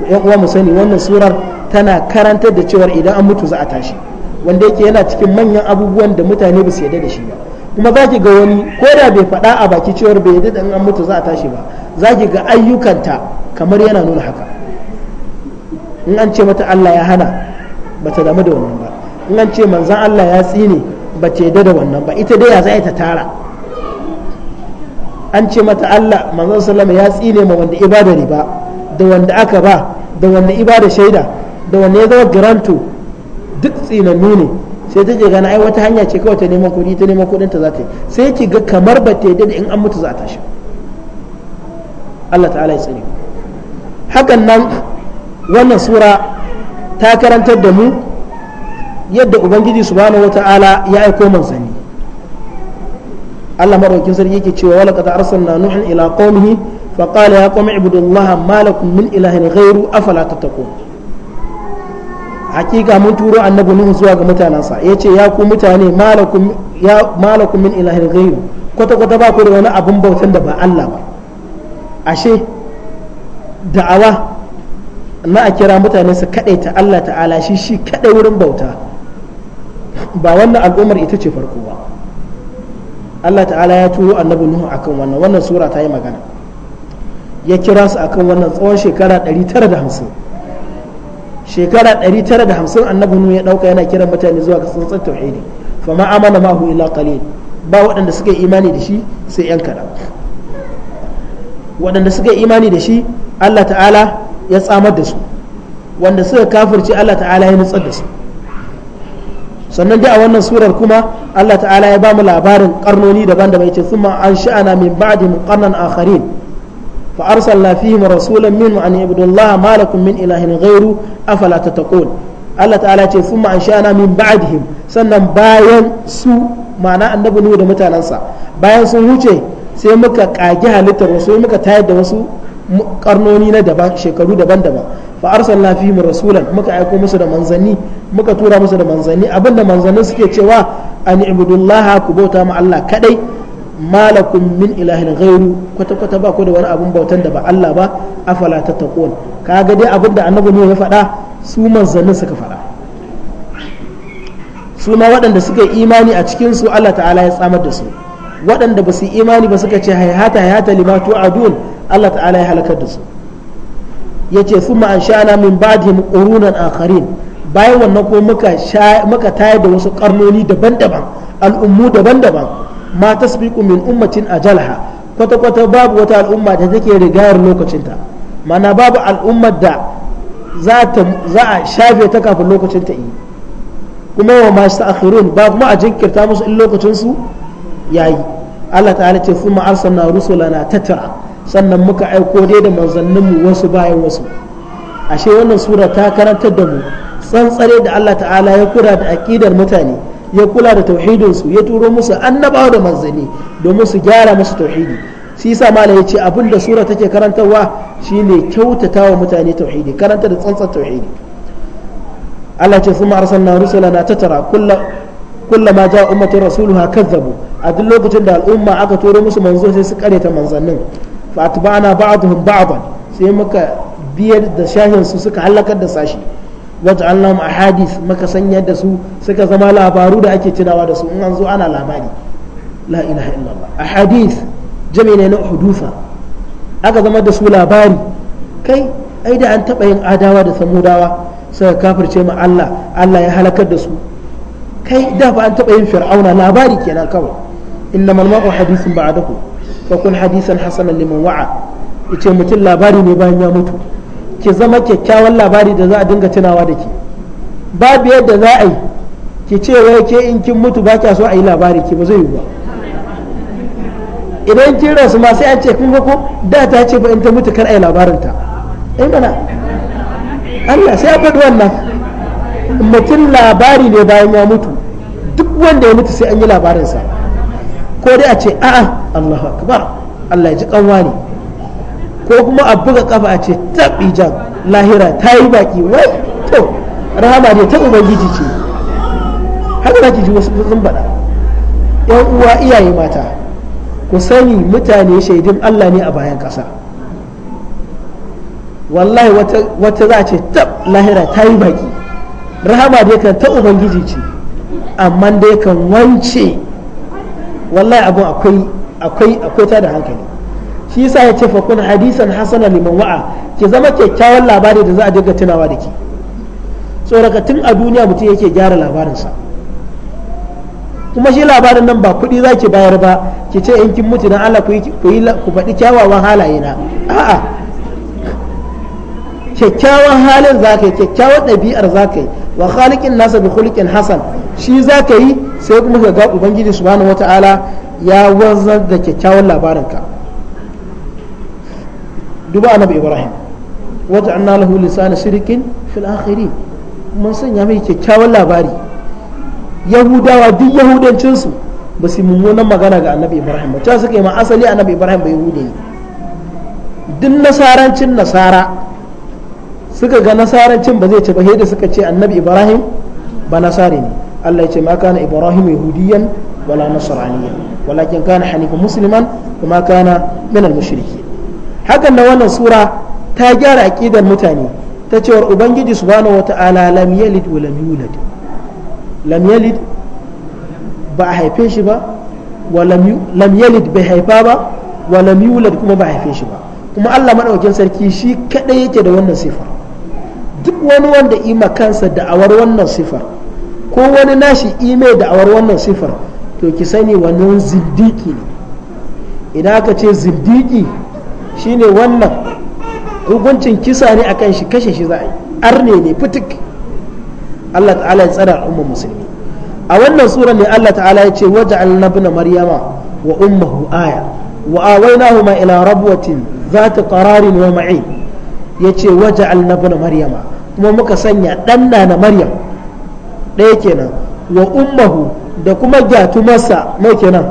to ƴan uwa mu sani wannan surar tana karantar da cewar idan an mutu za a tashi wanda yake yana cikin manyan abubuwan da mutane ba su yarda da shi ba kuma za ki ga wani ko da bai faɗa a baki cewar bai yarda da an mutu za a tashi ba za ki ga ayyukanta kamar yana nuna haka in an ce mata Allah ya hana ba ta damu da wannan ba in an ce manzan Allah ya tsine ba ta yadda da wannan ba ita dai ya za ta tara an ce mata Allah manzan sallama ya tsine ma wanda ibada riba da wanda aka ba da wanda ibada shaida da wanda ya zama garanto duk tsinannu ne sai ta ce gana ai wata hanya ce kawai ta neman kuɗi ta neman kuɗin ta za ta yi sai ki ga kamar ba ta yadda da in an mutu za a tashi Allah ta'ala ya tsare hakan nan wannan sura ta karantar da mu yadda ubangiji subhanahu wata'ala ya aiko manzanni Allah madaukakin sarki yake cewa wala qad arsalna nuhan ila qaumihi fa qala ya qaumi ibudullaha ma lakum min ilahin ghairu afala tattaqun hakika mun turo annabi nuhu zuwa ga mutanansa yace ya ku mutane malakum ya malakum min ilahin ghairu kwata kwata ba ku da wani abun bautan da ba Allah ba ashe da'awa na a kira mutane su ta Allah ta'ala shi shi kaɗai wurin bauta ba wannan al'ummar ita ce farko ba Allah ta'ala ya turo annabi Nuhu akan wannan wannan sura ta yi magana ya kira su akan wannan tsawon shekara 950 shekara 950 annabi Nuhu ya ɗauka yana kiran mutane zuwa ga tsantsar tauhidi fa ma amana ma illa qalil ba waɗanda suka imani da shi sai yan kaɗan waɗanda suka imani da shi Allah ta'ala ya tsamar da su wanda suka kafirci Allah ta'ala ya nutsar da su sannan dai a wannan surar kuma Allah ta'ala ya bamu labarin karnoni daban-daban yace an sha'ana min ba'dihim qarnan akharin fa arsalna fihim rasulan minhum an yabudullaha ma min ilahin ghairu afala tattaqun Allah ta'ala ce an sha'ana min ba'dihim sannan bayan su ma'ana annabi nuhu da mutanansa bayan sun huce sai muka kage halittar wasu sai muka tayar da wasu karnoni na daban shekaru daban-daban fa arsalna fihim rasulan muka aiko musu da manzanni muka tura musu da manzanni abinda manzanni suke cewa an ibudullah ku bauta ma Allah kadai malakum min ilahin ghairu kwata kwata ba ku da wani abun bautan da ba Allah ba afala tattaqun kaga dai abinda annabi ne ya faɗa su manzanni suka faɗa su ma waɗanda suka yi imani a cikin su Allah ta'ala ya tsamar da su waɗanda ba su imani ba suka ce hayata hayata lima adun Allah ta'ala ya halakar da su yace thumma ansha'na min ba'dihim qurunan akharin bayan wannan ko muka muka tayar da wasu karnoni daban-daban al'ummu daban-daban ma tasbiqu min ummatin ajalha kwata-kwata babu wata al'umma da take rigayar lokacinta mana babu al'ummar da za a shafe ta kafin lokacin ta yi kuma wa masu ta'akhirun babu ma a jinkirta musu in lokacin su yayi Allah ta'ala ce thumma arsalna rusulana tatra sannan muka aiko dai da manzanninmu wasu bayan wasu ashe wannan sura ta karantar da mu tsantsare da Allah ta'ala ya kula da aƙidar mutane ya kula da tauhidinsu ya turo musu annabawa da manzanni domin su gyara musu tauhidi shi yasa malam ya ce abin da sura take karantarwa shine kyautata wa mutane tauhidi karanta da tsantsar tauhidi Allah ce kuma arsalna rusulana tatara kullama ja'a ummatu rasuluha kazzabu a duk lokacin da al'umma aka turo musu manzo sai su kareta manzannin fa atba'na ba'dhum ba'dan sai muka biyar da shahin su suka halakar da sashi waj'alnahum ahadith muka sanyar da su suka zama labaru da ake tunawa da su in an zo ana labari la ilaha illallah ahadith jami ne na hudufa aka zama da su labari kai ai da an taɓa yin adawa da samudawa suka kafirce ma Allah Allah ya halakar da su kai da ba an taɓa yin fir'auna labari kenan kawai innamal ma'u hadisin ba'dahu fa kun hadisan hasanan liman wa'a yace mutum labari ne bayan ya mutu ki zama kyakkyawan labari da za a dinga tunawa da ke babu yadda za a yi ki ce wai ke in kin mutu ba kya so a yi labari ki ba zai yi ba idan kin rasu ma sai an ce kun ko da ta ce ba in ta mutu kar a yi labarinta ai mana Allah sai ya faɗi wannan mutum labari ne bayan ya mutu duk wanda ya mutu sai an yi labarinsa ko dai a ce a'a Allahu akbar Allah ya ji kanwa ne ko kuma a buga kafa a ce tabi jan lahira ta yi baki wai to rahama ne ta ubangiji ce haka za ki ji wasu sun baɗa yan uwa iyaye mata ku sani mutane shaidun Allah ne a bayan kasa. wallahi wata za a ce tab lahira ta yi baki rahama dai kan ta ubangiji ce amma dai kan wance wallahi abu akwai akwai akwai ta da hankali shi yasa ya ce fa hadisan hasana liman wa'a ki zama kyakkyawan labari da za a dinga tunawa da ke tsorakatun a duniya mutum yake gyara labarinsa kuma shi labarin nan ba kuɗi za ki bayar ba ki ce yankin mutu don Allah ku faɗi kyawawan halaye na a'a kyakkyawan halin za ka yi kyakkyawan ɗabi'ar za ka yi wa khaliqin nasa bi khuliqin hasan shi za ka yi sai kuma ka ga ubangiji subhanahu wata'ala ya wanzar da kyakkyawan labarinka duba annabi ibrahim wata anna lahu lisana shirkin fil akhirin mun sanya mai kyakkyawan labari yahudawa duk yahudancinsu ba su mummunan magana ga annabi ibrahim ba ta suka yi ma asali annabi ibrahim ba yahudi duk nasarancin nasara suka ga nasarancin ba zai ci ba da suka ce annabi ibrahim ba nasari ne Allah ya ce ma kana ibrahim yahudiyan wala nasaraniya walakin kana hanifan musliman kuma kana min al hakan da wannan sura ta gyara aqidar mutane ta cewa ubangiji subhanahu wata'ala lam yalid wa lam yulad lam yalid ba a haife shi ba wa lam yalid bai haifa ba wa lam yulad kuma ba a haife shi ba kuma Allah madaukakin sarki shi kadai yake da wannan sifa duk wani wanda ima kansa da'awar wannan sifar ko wani nashi ime da'awar wannan sifar to ki sani wannan zindiki ne idan aka ce zindiki shine wannan hukuncin kisa ne a shi kashe shi za a yi arne ne fitik Allah ta'ala ya tsara al'ummar musulmi a wannan sura ne Allah ta'ala ya ce waje ibn maryama wa ummuhu aya wa awaynahuma ila rabwatin ذات قرار ومعين يتي waje ابن maryama. kuma muka sanya ɗanna na maryam ɗaya kenan wa ummahu da kuma gyatumarsa nau kenan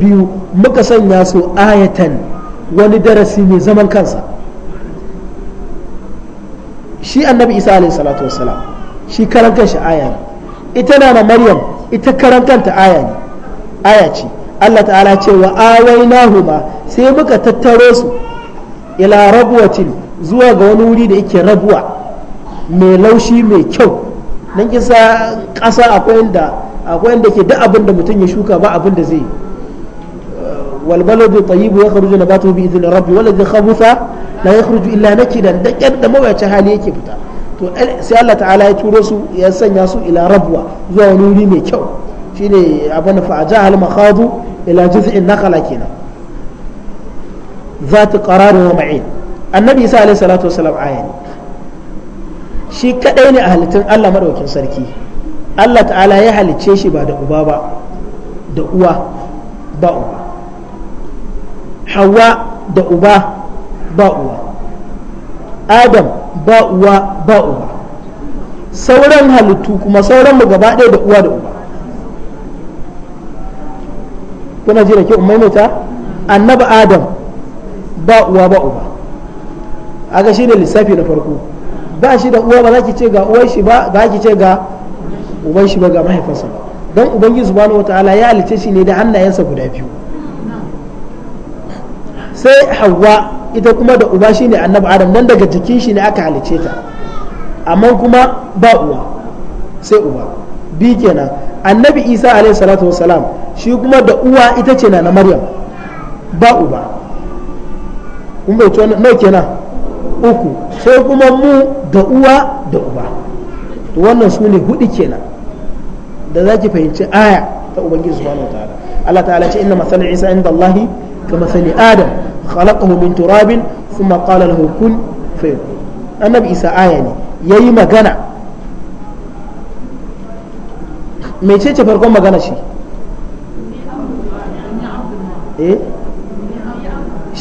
biyu muka sanya su ayatan wani darasi mai zaman kansa shi annabi isa alaihi salatu wassalam shi karan kanshi aya ne ita na na maryam ita karan kanta aya ne ce Allah ta'ala ce wa nahuma sai muka tattaro su ila rabuwatin zuwa ga wani wuri da yake rabuwa mai laushi mai kyau nan kisa ƙasa akwai inda akwai inda ke duk abin da mutum ya shuka ba abin da zai والبلد طيب يخرج نباته باذن ربي والذي خبث لا يخرج الا نكدا دكر da mawaci hali yake fita to eh, sai Allah ta'ala ya turo su ya sanya su ila rabwa zuwa wani wuri mai kyau shine abin fa aja al makhadu ila juz'in nakala kenan zat qarar wa ma'in annabi isa alaihi salatu wasalam shi kadai ne a halittun Allah maɗaukin sarki Allah ta'ala ya halicce shi ba da uba ba da uwa ba uba hawa da uba ba uwa adam ba uwa ba uba sauran halittu kuma sauran mu gaba ɗaya da uwa da uba kuna ji da ke maimaita annabi adam ba uwa ba uba ga shi ne lissafi na farko ba shi da uwa ba za ki ce ga uwar shi ba za ki ce ga uban shi ba ga mahaifinsa ba don ubangiji subhanahu wataala ya halice shi ne da hannayensa guda biyu sai hawa ita kuma da uba shine annabi adam nan daga jikin shi ne aka halice ta amma kuma ba uwa sai uba bi kenan annabi isa alaihi salatu wasalam shi kuma da uwa ita ce na maryam ba uba kun bai nawa kenan uku sai kuma mu da uwa da uba wannan su ne hudu kenan da za ki fahimci aya ta ubangiji subhanahu ta'ala Allah ta'ala ce inna masalin isa inda Allah ka masali adam khalaqahu min turabin thumma qala lahu kun fayakun annabi isa aya ne yayi magana ce mecece farkon magana shi eh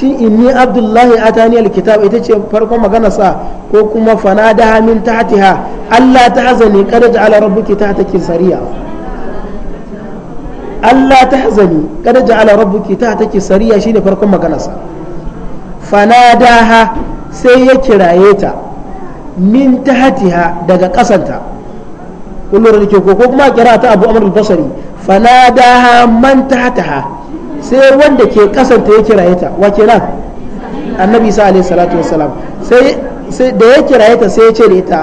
shi inni abdullahi atani alkitab ita ce farkon maganarsa ko kuma Fana da fanadaha min tahtiha Allah ta hazani kada ja'ala rabbuki tahtaki sariya Allah ta hazani kada ja'ala rabbuki tahtaki sariya shine farkon maganarsa ha sai ya kiraye ta min ta tahtiha daga kasanta kullum da ke ko kuma kira ta Abu Amr al-Basri ha man ta tahtaha sai wanda ke kasanta ya kiraye ta wa kenan annabi alaihi salatu wassalam sai sai da ya kiraye ta sai ya ce da ita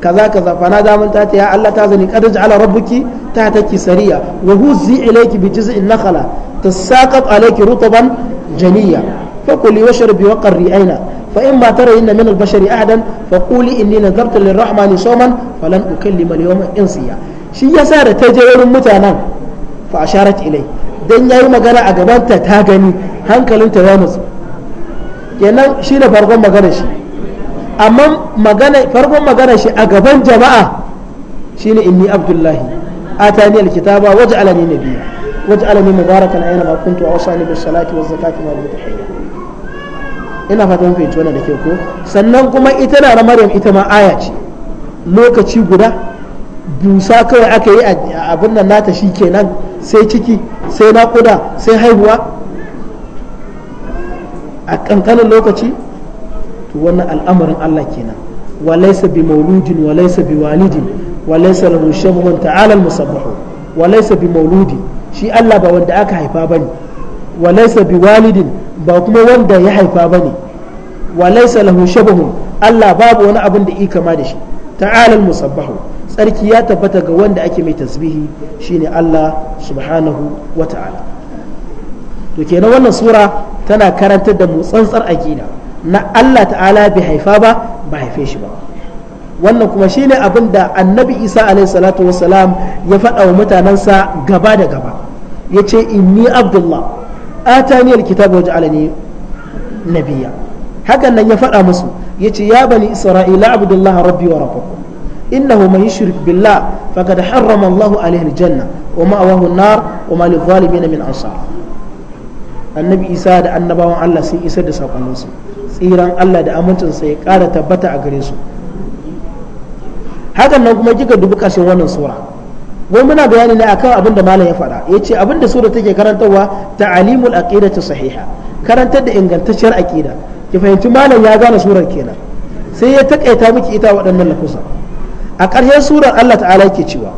kaza kaza fa na damun ta ya Allah ta zani qad ja'ala rabbuki tahtaki sariya wa huzzi ilayki bi jiz'in nakhla tasaqat alayki rutban janiya fakuli washrabi wa qarri aina fa in ma tarayna min al-bashari ahadan fa quli inni nadartu lir-rahmani sawman falan ukallima al-yawma insiya shi yasa da ta je wurin mutanen fa asharat ilayhi ya yi magana a gabanta ta gani hankalinta ya nutsu kenan shi da farkon magana shi amma farkon magana shi a gaban jama'a shi ne inni abdullahi A ta waje na alkitaba waje nabiyya waj'alani mubarakan aina ma kuntu a wasu bis salati wasu zakati ma hayya ina fatan fahimci wannan da ke ko sannan kuma ita na Maryam ita ma aya ce lokaci guda dusa kawai aka yi abin nan nata shi kenan sai ciki sai kuda sai haihuwa a kankanin lokaci to wannan al'amarin Allah kenan walaysa bi mauludin walaysa bi walidin walaysa lahu shabhun ta'ala al-musabbahu walaysa bi mauludi shi Allah ba wanda aka haifa bane walaysa bi walidin ba kuma wanda ya haifa bane walaysa lahu shabhun Allah babu wani abin da i kama da shi ta'ala al-musabbahu tsarki ya tabbata ga wanda ake mai tasbihi shine Allah subhanahu wa ta'ala to kenan wannan sura tana karantar da mu tsantsar aqida na Allah ta'ala bai haifa ba ba haife shi ba wannan kuma shine abin da annabi isa salatu wassalam ya faɗa wa mutanensa gaba da gaba ya ce inni abdullah atani alkitaba wa ja'alani nabiyya hakan nan ya faɗa musu ya ce ya bani isra'ila abdullah rabbi wa rabbakum إنه من يشرك بالله فقد حرم الله عليه الجنة ومأواه النار وما للظالمين من أنصار annabi isa da annabawan allah sun isa da saƙoninsu tsiran allah da amincinsa ya ƙara tabbata a gare su hakan nan kuma kika dubi ƙarshen wannan sura wai muna bayani ne akan abin da malam ya faɗa ya ce abin da sura take karantarwa ta'alimul aqida ta sahiha karantar da ingantacciyar aqida ki fahimci malam ya gane surar kenan sai ya takaita miki ita waɗannan lafusa a ƙarshen surar Allah ta'ala yake cewa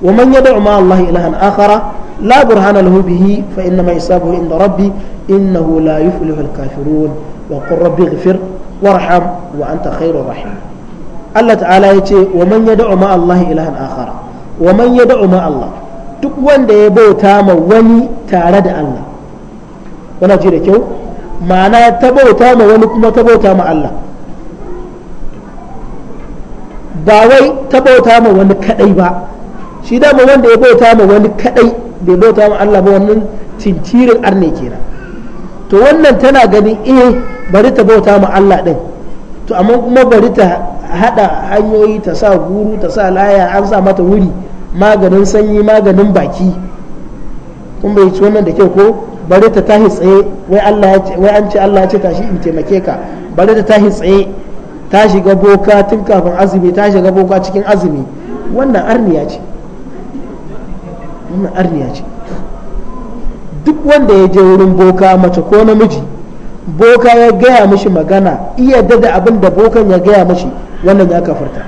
wa man yad'u ma Allah ilahan akhara la burhana lahu bihi fa inna ma hisabuhu inda rabbi innahu la yuflihu al-kafirun wa qur rabbi ighfir warham wa anta khairur rahim Allah ta'ala ya ce wa man yad'u ma Allah ilahan akhara wa man yad'u ma Allah duk wanda ya bauta ma wani tare da Allah wannan ji da kyau ma'ana ta bauta ma wani kuma ta bauta ma Allah ba wai ta bauta ma wani kadai ba shi dama wanda ya bauta ma wani kadai bai bauta ma Allah ba wannan tintirin arne kenan to wannan tana ganin eh bari ta bauta ma Allah din to amma kuma bari ta hada hanyoyi ta sa guru ta sa laya an sa mata wuri maganin sanyi maganin baki kun bai ci wannan da kyau ko bari ta tahi tsaye wai an ce Allah ya ce tashi in taimake ka bari ta tahi tsaye ta shiga boka tun kafin azumi ta shiga boka cikin azumi wannan arniya ce wannan arniya ce duk wanda ya je wurin boka mace ko namiji boka ya gaya mishi magana iya dada abin da bokan ya gaya mishi wannan ya kafarta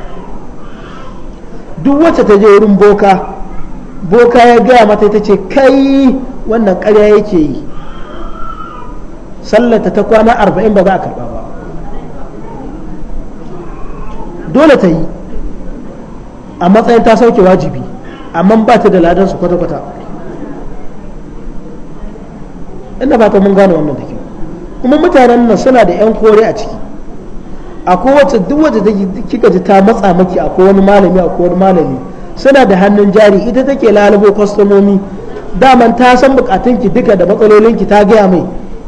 duk wacce ta je wurin boka boka ya gaya mata ta ce kai wannan karya yake yi sallata ta kwana arba'in ba za a karba ba dole ta yi a matsayin ta sauke wajibi amma ba ta da ladansu kwata-kwata ba fata mun gane wannan da kyau kuma mutanen nan suna da 'yan kore a ciki a kowace duk wacce ta kika ji ta matsa maki a wani malami a wani malami suna da hannun jari ita take lalubo kwastomomi daman ta san bukatunki duka da matsalolinki ta gaya mai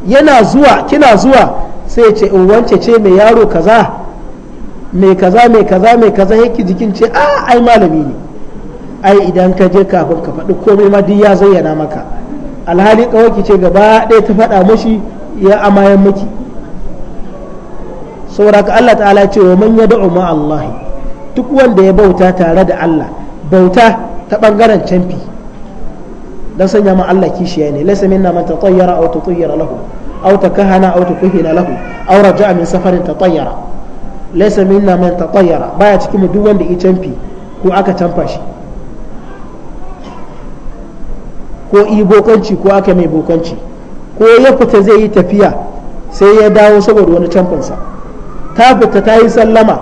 yana zuwa kina zuwa sai ce oh, wance ce mai yaro kaza mai kaza mai kaza mai kaza yake jikin ce a ah, ai malami ne ai idan ka je kafin ka faɗi komai ma duk ya zayyana maka alhali kawai ce gaba ɗaya ta faɗa mashi ya amayan miki sauraka Allah ta'ala ce wa man yad'u ma Allah duk wanda ya bauta tare da Allah bauta ta bangaren canfi dan sanya ma Allah kishiya ne laysa minna man tatayyara aw tatayyara lahu aw takahana aw tukhina lahu aw raja'a min safarin tatayyara min minna man tatayyara baya cikin mu duk wanda ya canfi ko aka canfa shi ko yi bokanci ko aka mai bokanci ko ya fita zai yi tafiya sai ya dawo saboda wani canfansa ta fita ta yi sallama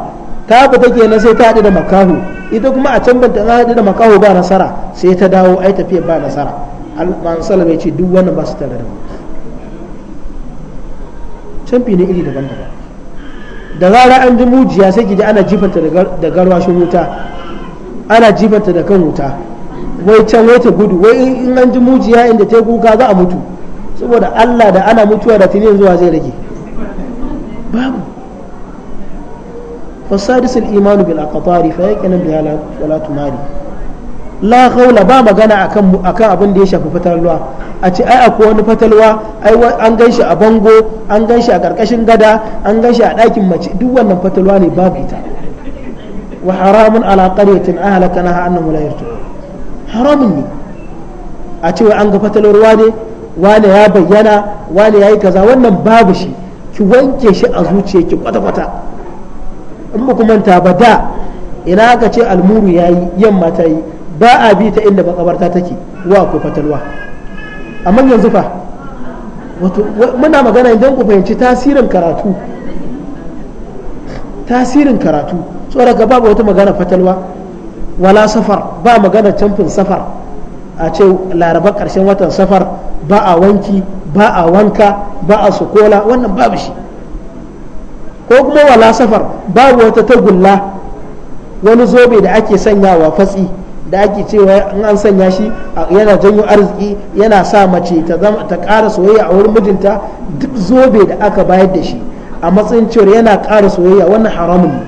ta fita kenan sai ta haɗu da makaho ita kuma a can banta haɗu da makaho ba nasara sai ta dawo ai tafiya ba nasara alman salama ya ce duk wannan ba su tare da mu canfi ne iri daban-daban da zara an ji mujiya sai ki ji ana jifanta da garwashin wuta ana jifanta da kan wuta wai can wai ta gudu wai in an ji mujiya inda ta kuka za a mutu saboda Allah da ana mutuwa da tuni zuwa zai rage babu fasadis al-imanu bil aqtari fa yakana bi ala wala tumari la khawla ba magana akan akan abin da ya shafi fatar ruwa a ce ai akwai wani fatalwa ai an gan shi a bango an gan shi a karkashin gada an gan shi a ɗakin mace duk wannan fatalwa ne babu ita wa haramun ala qaryatin ahlakanaha annahum la yarji'un haramun ne a wai an ga fatalwar wane wane ya bayyana wane yayi kaza wannan babu shi ki wanke shi a ki kwata-kwata in ba kuma ta ba da ina ka ce almuru yayi yamma ta yi ba a bi ta inda makabarta take wa ko fatalwa amma yanzu fa wato muna magana idan ku fahimci tasirin karatu tasirin karatu saboda ga babu wata magana fatalwa wala safar ba magana canfin safar a ce laraba karshen watan safar ba a wanki ba a wanka ba a sukola wannan babu shi ko kuma wala safar babu wata tagulla wani zobe da ake sanyawa fatsi da ake cewa in an sanya shi yana janyo arziki yana sa mace ta zama ta ƙara soyayya a wurin mijinta duk zobe da aka bayar da shi a matsayin cewa yana ƙara soyayya wannan haramun ne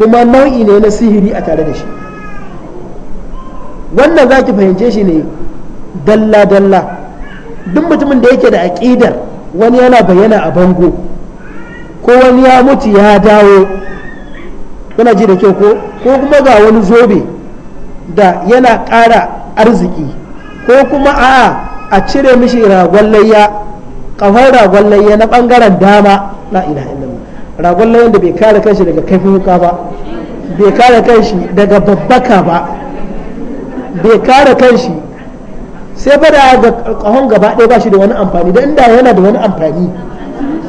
kuma nau'i ne na sihiri a tare da shi wannan za ki fahimce shi ne dalla dalla duk mutumin da yake da aƙidar wani yana bayyana a bango ko wani ya mutu ya dawo kuna ji da kyau ko kuma ga wani zobe da yana ƙara arziki ko kuma a a cire mishi ragon layya ƙafar ragon layya na ɓangaren dama na ilaha illallah ragon layyan da bai kare kanshi daga kaifin wuka ba bai kare kanshi daga babbaka ba bai kare kanshi sai ba da ga ƙahon gaba ɗaya ba shi da wani amfani don da yana da wani amfani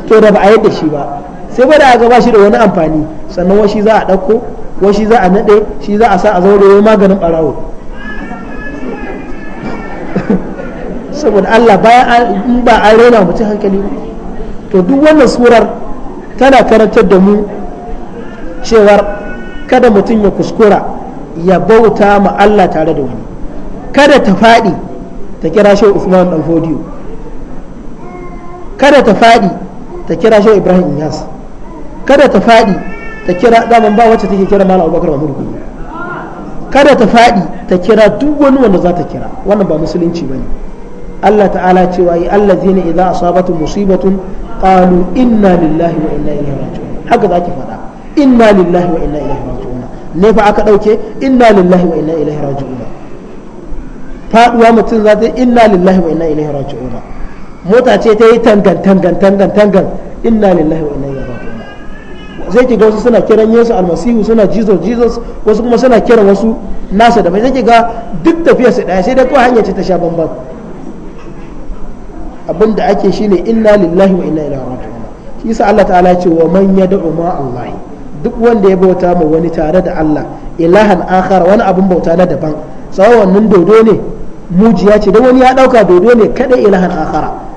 to da ba a yadda shi ba sai ba da ga ba shi da wani amfani sannan washi za a ɗauko ko shi za a naɗe shi za a sa a zaure maganin ɓarawo [laughs] saboda Allah bayan in ba a rena mutum hankali to duk wannan surar tana karantar da mu cewar kada mutum ya kuskura ya bauta ma Allah tare da wani kada ta faɗi ta kira shi Usman dan Fodiyo kada ta faɗi ta kira shi Ibrahim Iyas kada ta faɗi ta kira daman ba wacce take kira malam abubakar mahmud gumi kada ta faɗi ta kira duk wani wanda za ta kira wannan ba musulunci ba ne Allah ta'ala cewa yi Allah zina idan asabatu musibatun qalu inna lillahi wa inna ilaihi raji'un haka zaki faɗa inna lillahi wa inna ilaihi raji'un ne fa aka dauke inna lillahi wa inna ilaihi raji'un faduwa mutum za ta inna lillahi wa inna ilaihi raji'un mota ce ta yi tangan tangan tangan tangan inna lillahi wa inna zai ki ga wasu suna kiran yesu almasihu suna jesus jesus wasu kuma suna kiran wasu nasa da mai zai ki ga duk tafiyarsa daya sai dai kawai hanyar ta sha bambam abin da ake shine inna lillahi wa inna ilaihi raji'un shi yasa Allah ta'ala ya ce wa man yad'u ma Allah duk wanda ya bauta ma wani tare da Allah ilahan akhar wani abin bauta na daban sawa wannan dodo ne mujiya ce da wani ya dauka dodo ne kada ilahan akhara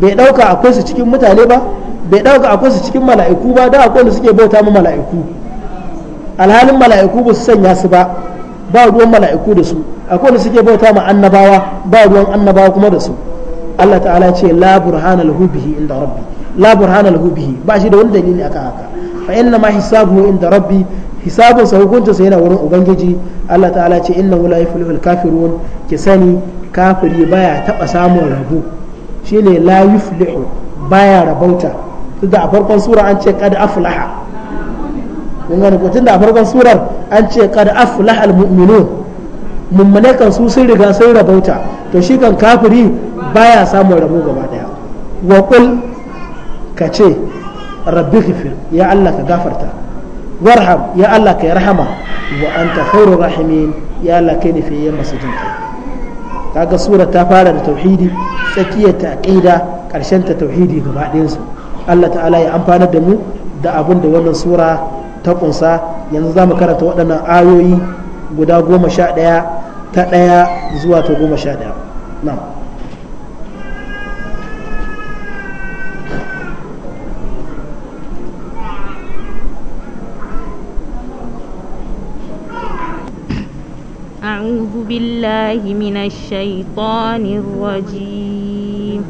bai dauka akwai su cikin mutane ba bai dauka akwai su cikin mala'iku ba da akwai da suke bauta mu mala'iku alhalin mala'iku ba su sanya su ba ba ruwan mala'iku da su akwai da suke bauta ma annabawa ba ruwan annabawa kuma da su Allah ta'ala ce la burhana lahu bihi inda rabbi la burhana lahu bihi ba shi da wani dalili akan haka fa inna ma hisabuhu inda rabbi hisabun sa hukunta sa yana wurin ubangiji Allah ta'ala ce innahu la yuflihul kafirun ke sani kafiri baya taba samun rabu shine la yuflihu baya rabauta tunda a farkon sura an ce kad aflaha kun gane ko tunda a farkon surar an ce kad aflaha almu'minun mummune kan su sun riga sun rabauta to shi kan kafiri baya samun rabo gaba daya wa qul ka ce rabbi ghfir ya Allah ka gafarta warham ya Allah ka rahama wa anta khairur rahimin ya Allah kai ne fiye masu jin kaga sura ta fara da tauhidi tsakiyar ta ƙida karshen ta tauhidi gaba ɗinsu. Allah ta'ala ya amfanar da mu da abin da wannan sura ta kunsa yanzu za mu karanta waɗannan ayoyi guda goma sha ɗaya ta ɗaya zuwa ta goma sha ɗaya أعوذ بالله من الشيطان الرجيم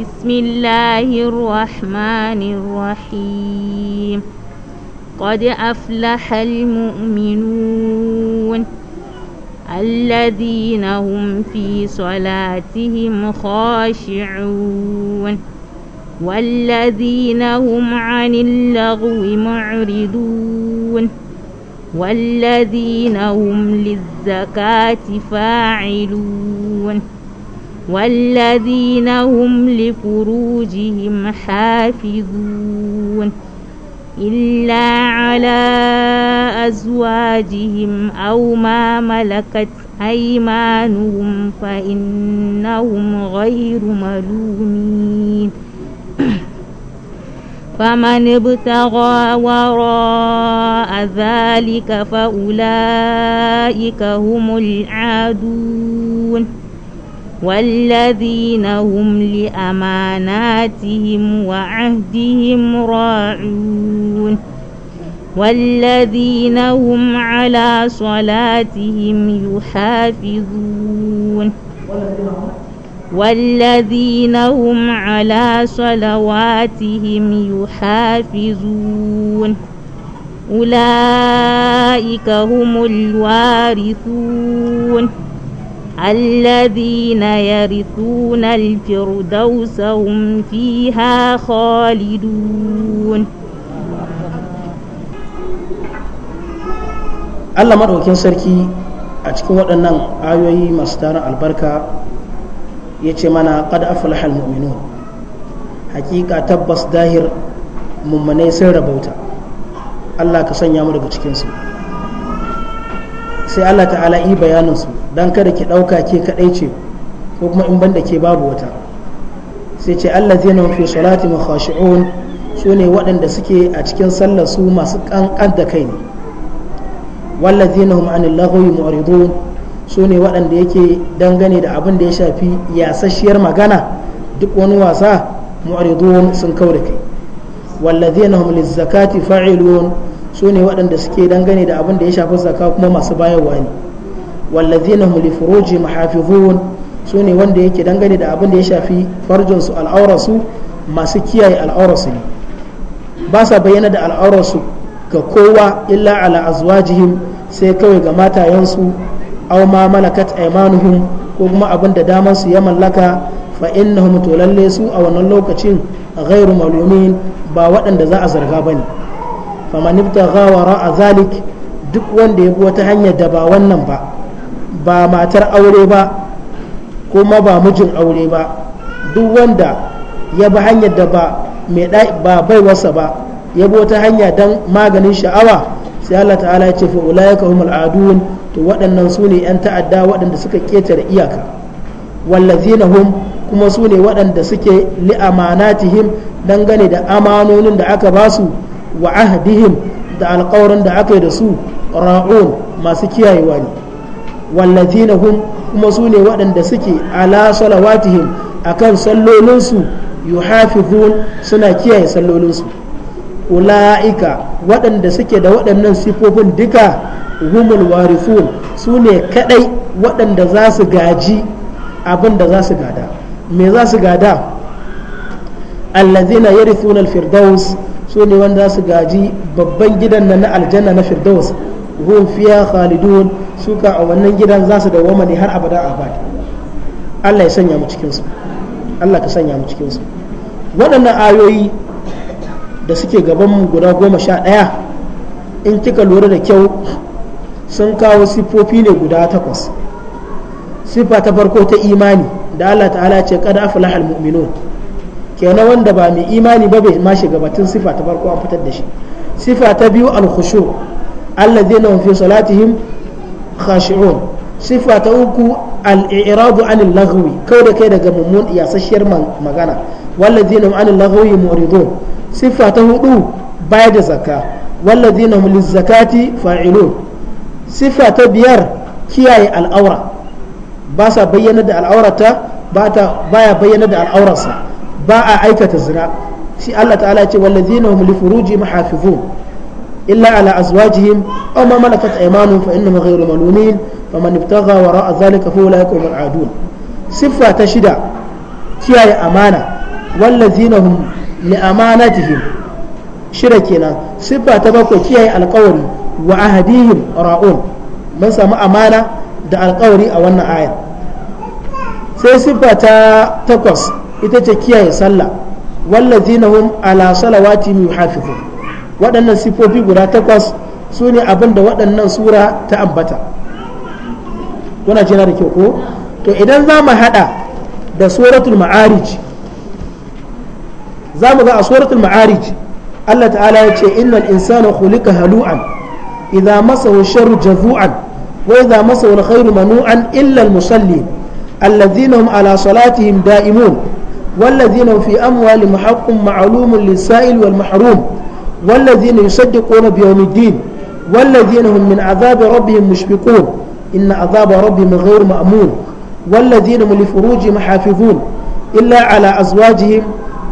بسم الله الرحمن الرحيم قد أفلح المؤمنون الذين هم في صلاتهم خاشعون والذين هم عن اللغو معرضون والذين هم للزكاة فاعلون والذين هم لفروجهم حافظون إلا على أزواجهم أو ما ملكت أيمانهم فإنهم غير ملومين فمن ابتغى وراء ذلك فأولئك هم العادون والذين هم لأماناتهم وعهدهم راعون والذين هم على صلاتهم يحافظون والذين هم والذين هم على صلواتهم يحافظون أولئك هم الوارثون الذين يرثون الفردوس هم فيها خالدون Allah maɗaukin sarki a cikin waɗannan ayoyi masu tarin albarka ya ce mana qad aflaha almu'minun hakika tabbas dahir mummanai sun rabauta Allah ka sanya mu daga cikinsu sai Allah ta'ala yi bayaninsu don kada ki ɗauka ke kaɗai ce ko kuma in banda ke babu wata sai ce Allah fi salati makhashi'un sune ne waɗanda suke a cikin sallar su masu ƙanƙan da kai ne wallazi na hum anil lagwi mu'ridun su ne waɗanda yake dangane da abin da ya shafi yasasshiyar magana duk wani wasa mu'ridun sun kau da kai wallazina hum lizakati fa'ilun su ne waɗanda suke dangane da abin da ya shafi zaka kuma masu bayarwa ne wallazina hum li furuji mahafizun su ne wanda yake dangane da abin da ya shafi farjinsu al'aurarsu masu kiyaye al'aurarsu ne ba sa bayyana da al'aurarsu ga kowa illa ala azwajihim sai kawai ga matayensu aw ma malakat aymanuhum ko kuma abin da daman su ya mallaka fa innahum to lalle su a wannan lokacin ghairu malumin ba waɗanda za a zarga bane man ibtagha wara zalik duk wanda ya bi wata hanyar da ba wannan ba ba matar aure ba kuma ba mijin aure ba duk wanda ya bi hanyar da ba mai ba baiwarsa ba ya bi wata hanya don maganin sha'awa sai Allah ta'ala ya ce fa ulaika humul adun to waɗannan su ne yan ta'adda waɗanda suka ƙetare iyaka wallazina hum kuma su ne waɗanda suke li amanatihim dangane da amanonin da aka basu wa ahdihim da alƙawarin da aka yi da su ra'un masu kiyayewa ne wallazina hum kuma su ne waɗanda suke ala salawatihim akan sallolinsu yuhafizun suna kiyaye sallolinsu ula'ika waɗanda suke da waɗannan sifofin duka humul warithun su ne kaɗai waɗanda za su gaji abin da za su gada me za su gada allazina yarithun firdaus su ne wanda za su gaji babban gidan nan na aljanna na firdaus hum fiya khalidun suka a wannan gidan za su dawwama ne har abada abad Allah ya sanya mu cikin su Allah ka sanya mu cikin su waɗannan ayoyi da suke gabanmu guda goma sha ɗaya in kika lura da kyau sun kawo siffofi ne guda takwas siffa ta farko ta imani da Allah ta'ala ce kada aflaha almu'minun kenan wanda ba mai imani ba bai ma shiga batun siffa ta farko an fitar da shi siffa ta biyu al-kusho allah alladhina hum fi salatihim khashi'un siffa ta uku al-i'radu 'anil laghwi kawai da kai daga mummun yasasshiyar magana walladhina hum 'anil laghwi mu'ridun siffa ta hudu baya da zakka wallazina hum lizzakati fa'ilun siffa ta biyar kiyaye al'aura ba sa bayyana da al'aurata ba ya bayyana da al'aurarsa ba a aikata zina shi Allah ta'ala ce wallazina hum li furuji mahafizun illa ala azwajihim aw ma malakat aymanuhum fa innahum ghayru malumin faman ibtagha wara'a zalika fa ulaika hum al'adun siffa ta shida kiyaye amana wallazina hum li'amanatihim shira kenan siffa ta bakwai kiyaye alkawari wa ahadihim ra'un mun samu amana da alkawari a wannan aya sai siffa ta takwas ita ce kiyaye sallah wallazina hum ala salawati yuhafizun waɗannan sifofi guda takwas su ne abin da waɗannan sura ta ambata kuna jira da kyau ko to idan za mu haɗa da suratul ma'arij za mu ga a suratul ma'arij Allah ta'ala ya ce innal insana khuliqa halu'an idza masahu sharru jazu'an wa idza masahu alkhairu manu'an illa almusallin alladhina hum ala salatihim da'imun والذين هم في أموالهم حق معلوم للسائل والمحروم والذين يصدقون بيوم الدين والذين هم من عذاب ربهم مشفقون إن عذاب ربهم غير مأمون والذين هم لفروجهم حافظون إلا على أزواجهم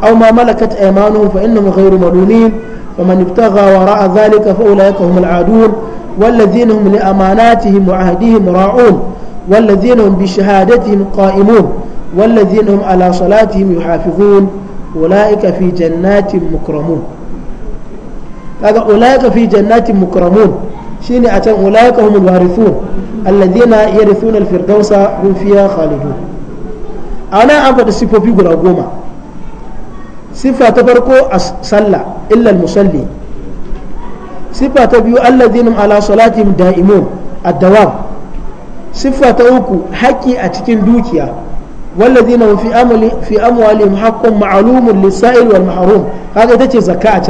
أو ما ملكت أيمانهم فإنهم غير ملومين ومن ابتغى وراء ذلك فأولئك هم العادون والذين هم لأماناتهم وعهدهم راعون والذين هم بشهادتهم قائمون والذين هم على صلاتهم يحافظون أولئك في جنات مكرمون هذا أولئك في جنات مكرمون شين أتن أولئك هم الوارثون الذين يرثون الفردوس هم فيها خالدون أنا أنفد السفوفي قرأ sifa ta farko a sallah illal musalli sifa ta biyu alladhinum ala salatihim da'imun ad-dawam sifa ta uku haƙƙi a cikin dukiya والذين هم في أمل في أموالهم حق معلوم للسائل والمحروم هذا تجي زكاة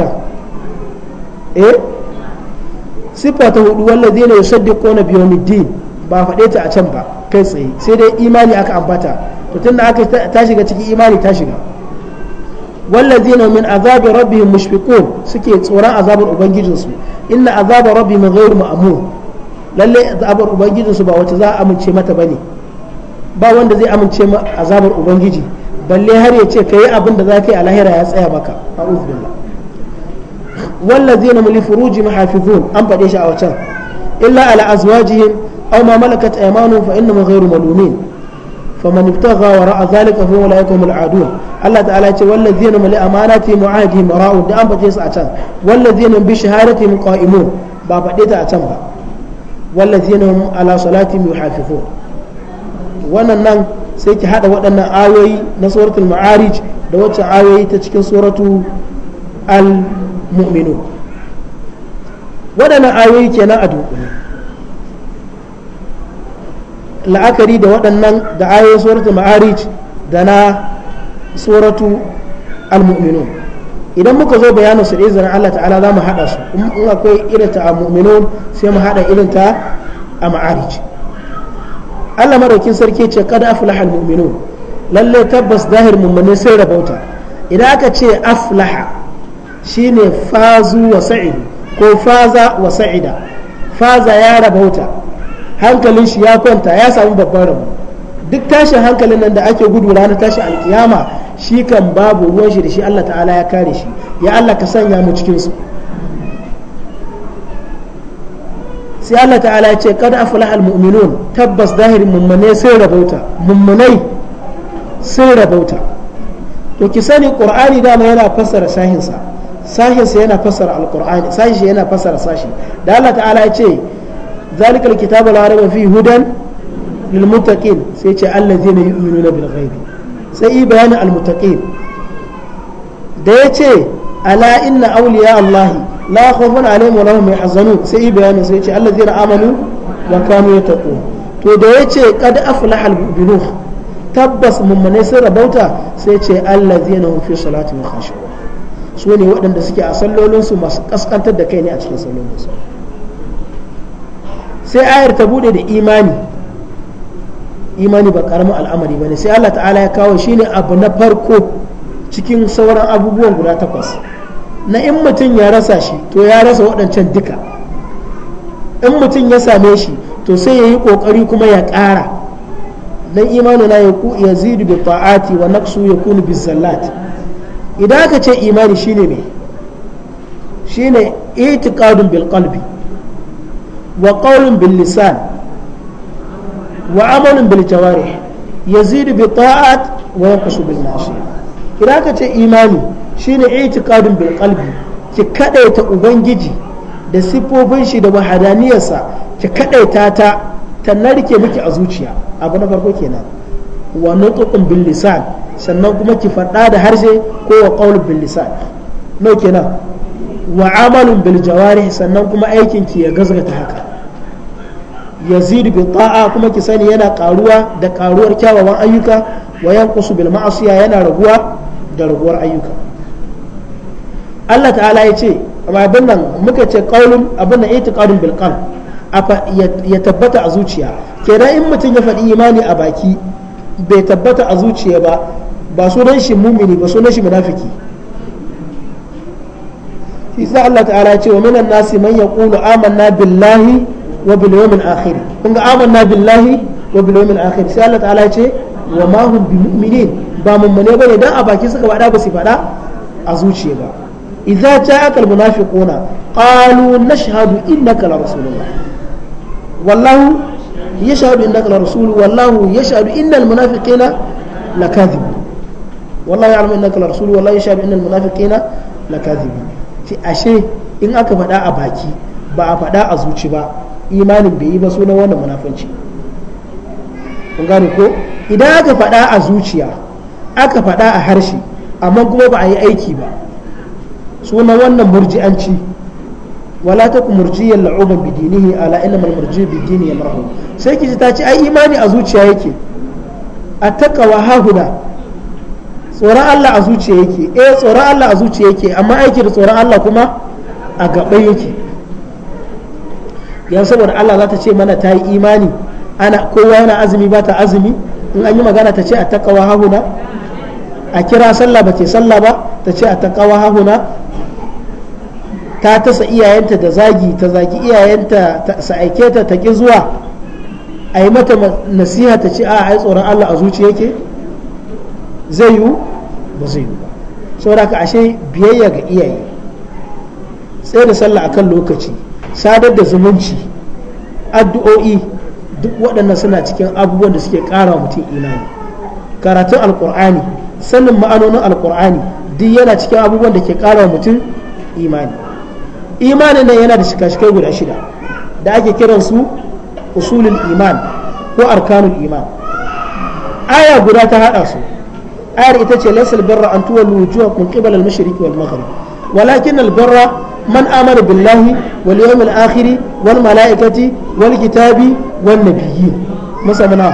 إيه صفته والذين يصدقون بيوم الدين ba faɗe ta a can ba kai tsaye sai dai imani aka ambata to tunda aka ta shiga ciki imani ta shiga wallazina min azabi rabbihim mushfiqun suke tsoron azabar ubangijinsu inna azaba rabbihim ghairu ma'mun lalle azabar ubangijinsu ba wacce za a amince mata bane ba wanda zai amince ma azabar ubangiji balle har ya ce kai abin da zaka yi a lahira ya tsaya maka a'udhu billah wallazina li furujihim hafizun an faɗe shi a wacan illa ala azwajihim aw ma malakat aymanuhum fa innahum ghairu malumin faman ibtagha wara zalika fa ulaika humul adun Allah ta'ala ya ce wallazina mali amanati mu'ahdi mara'u da an bace su a can wallazina bi shahadati muqaimun ba faɗe ta a can ba wallazina hum ala salati yuhafizun wannan nan sai ki hada waɗannan ayoyi na suratul ma'arij da waccan ayoyi ta cikin suratu al-mu'minun waɗannan ayoyi kenan a dunkule la'akari da waɗannan da ayoyin suratul ma'arij da na suratu al-mu'minun idan muka zo bayanin su da Allah ta'ala za mu haɗa su in akwai irin ta al-mu'minun sai mu haɗa irin ta a ma'arij Allah madaukin sarki ce kada aflaha al-mu'minun lalle tabbas zahir mummune sai rabauta idan aka ce aflaha shine fazu wa sa'id ko faza wa sa'ida faza ya rabauta hankalin shi ya kwanta ya samu babban rabo duk tashin hankalin nan da ake gudu ranar tashin alkiyama shi kan babu ruwan shi da shi Allah ta'ala ya kare shi ya Allah ka sanya mu cikin su sai Allah ta'ala ya ce kada aflaha almu'minun tabbas zahirin mummunai sai rabauta mummunai sai rabauta to ki sani qur'ani dama yana fassara sahinsa sahinsa yana fassara alqur'ani sahinsa yana fassara sashi da Allah ta'ala ya ce zalikal kitabu la raiba hudan lil sai ce allazina yu'minuna bil ghaibi sai yi bayanin al muttaqin da yace ala inna awliya allahi la khawfun alaihim wa lahum yahzanun sai yi bayanin sai ce amanu to da yace tabbas mummune sun rabauta sai ce allazina hum fi salati khashi'un su ne waɗanda suke a sallolinsu masu ƙasƙantar da kai ne a cikin sallolinsu sai ayar ta bude da imani imani ba karamin al'amari ba ne sai Allah ta'ala ya kawo shine abu na farko cikin sauran abubuwan guda takwas na in mutum ya rasa shi to ya rasa waɗancan duka in mutum ya same shi to sai ya yi ƙoƙari kuma ya ƙara na imani na ya ya zidu bi ta'ati wa naqsu bi idan aka ce imani shine me shine itiqadun bil qalbi وقول باللسان وعمل بالجوارح يزيد بالطاعات وينقص بالمعصية إذا كنت إيماني شين اعتقاد بالقلب ki kadaita ubangiji da siffofin shi da wahadaniyarsa ki kadaita ta ta narke miki a zuciya abu na farko kenan wa nutqun bil lisan sannan kuma ki faɗa da harshe ko wa qaulun bil lisan no kenan wa amalun bil jawarih sannan kuma aikin ki ya gazgata haka yazid bi kuma ki sani yana karuwa da karuwar kyawawan ayyuka wa yanqusu bil ma'asiya yana raguwa da raguwar ayyuka Allah ta'ala ya ce abin nan muka ce qaulun abin nan itiqadun bil qalb ya tabbata a zuciya kenan in mutum ya faɗi imani a baki bai tabbata a zuciya ba ba sunan shi mumini ba sunan shi munafiki shi sa Allah ta'ala ya ce wa minan nasi man yaqulu amanna billahi wa bil yawmil akhir kun ga amanna billahi wa bil yawmil sai Allah ta'ala ya ce wa ma hum bi mu'minin ba mummune bane dan a baki suka faɗa ba su faɗa a zuciya ba idza ja'aka al munafiquna qalu nashhadu innaka la rasulullah wallahu yashhadu innaka la rasul wallahu yashhadu innal munafiqina lakadhibun wallahu ya'lamu innaka la rasul wallahu yashhadu innal munafiqina fi ashe in aka faɗa a baki ba a faɗa a zuci ba imanin bai yi ba sunan wannan munafunci kun gane ko idan aka faɗa a zuciya aka faɗa a harshe amma kuma ba a yi aiki ba sunan wannan murji'anci wala ta ku murjiyan la'uba bidinihi ala ilmin murji bidini ya marahu sai ki ji ta ce ai imani a zuciya yake a takawa hahuna tsoron Allah a zuciya yake eh tsoron Allah a zuciya yake amma aiki da tsoron Allah kuma a gaɓai yake yan saboda Allah za ta ce mana ta yi imani ana kowa yana azumi ba ta azumi in an yi magana ta ce a takawa hahuna a kira sallah ba ce sallah ba ta ce a takawa hahuna ta tasa iyayenta da zagi ta zagi iyayenta ta aike ta ta ki zuwa a yi mata nasiha ta ce a ai tsoron Allah a zuci yake zai yiwu ba zai yiwu ba saboda ka ashe biyayya ga iyaye tsaye da sallah akan lokaci sadar da zumunci addu'o'i duk waɗannan suna cikin abubuwan da suke ƙara mutum imani karatun alƙur'ani sanin ma'anonin alƙur'ani duk yana cikin abubuwan da ke ƙara mutum imani imanin nan yana da shika-shikai guda shida da ake kiran su usulul iman ko arkanun iman aya guda ta haɗa su ayar ita ce laisal birra an tuwallu wujuhakum qibala al-mashriqi wal maghrib walakin al-birra man amana billahi wal yawmil akhir wal malaikati wal kitabi wan nabiyyi musamman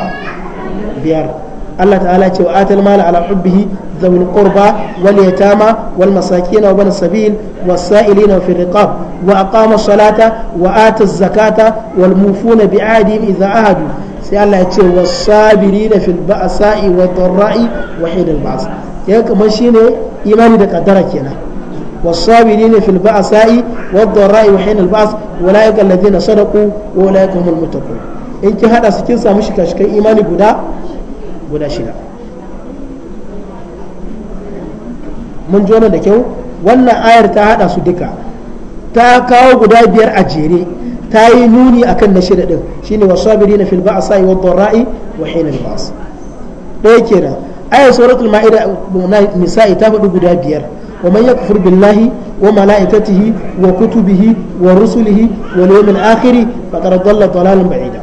biyar Allah ta'ala ce wa mala ala hubbihi ذوي القربى واليتامى والمساكين وبن السبيل والسائلين وفي الرقاب وأقام الصلاة وآتى الزكاة والموفون بعهدهم إذا عهدوا sai Allah ya ce wa sabiri da fil ba'sa'i wa dharra'i wa ba's ya kamar shine imani da kaddara kenan والصابرين في البأساء والضراء وحين البعث أولئك الذين صدقوا وأولئك هم المتقون إن كهذا سكين سامش كشكي إيماني بدا بدا شلا من جونا دكيو ولا آير تهذا سدكا ta kawo guda biyar a jere ta yi nuni akan na shida din shine wasabirina fil ba'sa wa dharra'i wa hina al-ba's ɗaya kenan ayar suratul ma'ida ta faɗi guda biyar ومن يكفر بالله وملائكته وكتبه ورسله واليوم الآخر فقد ضل ضلالا بعيدا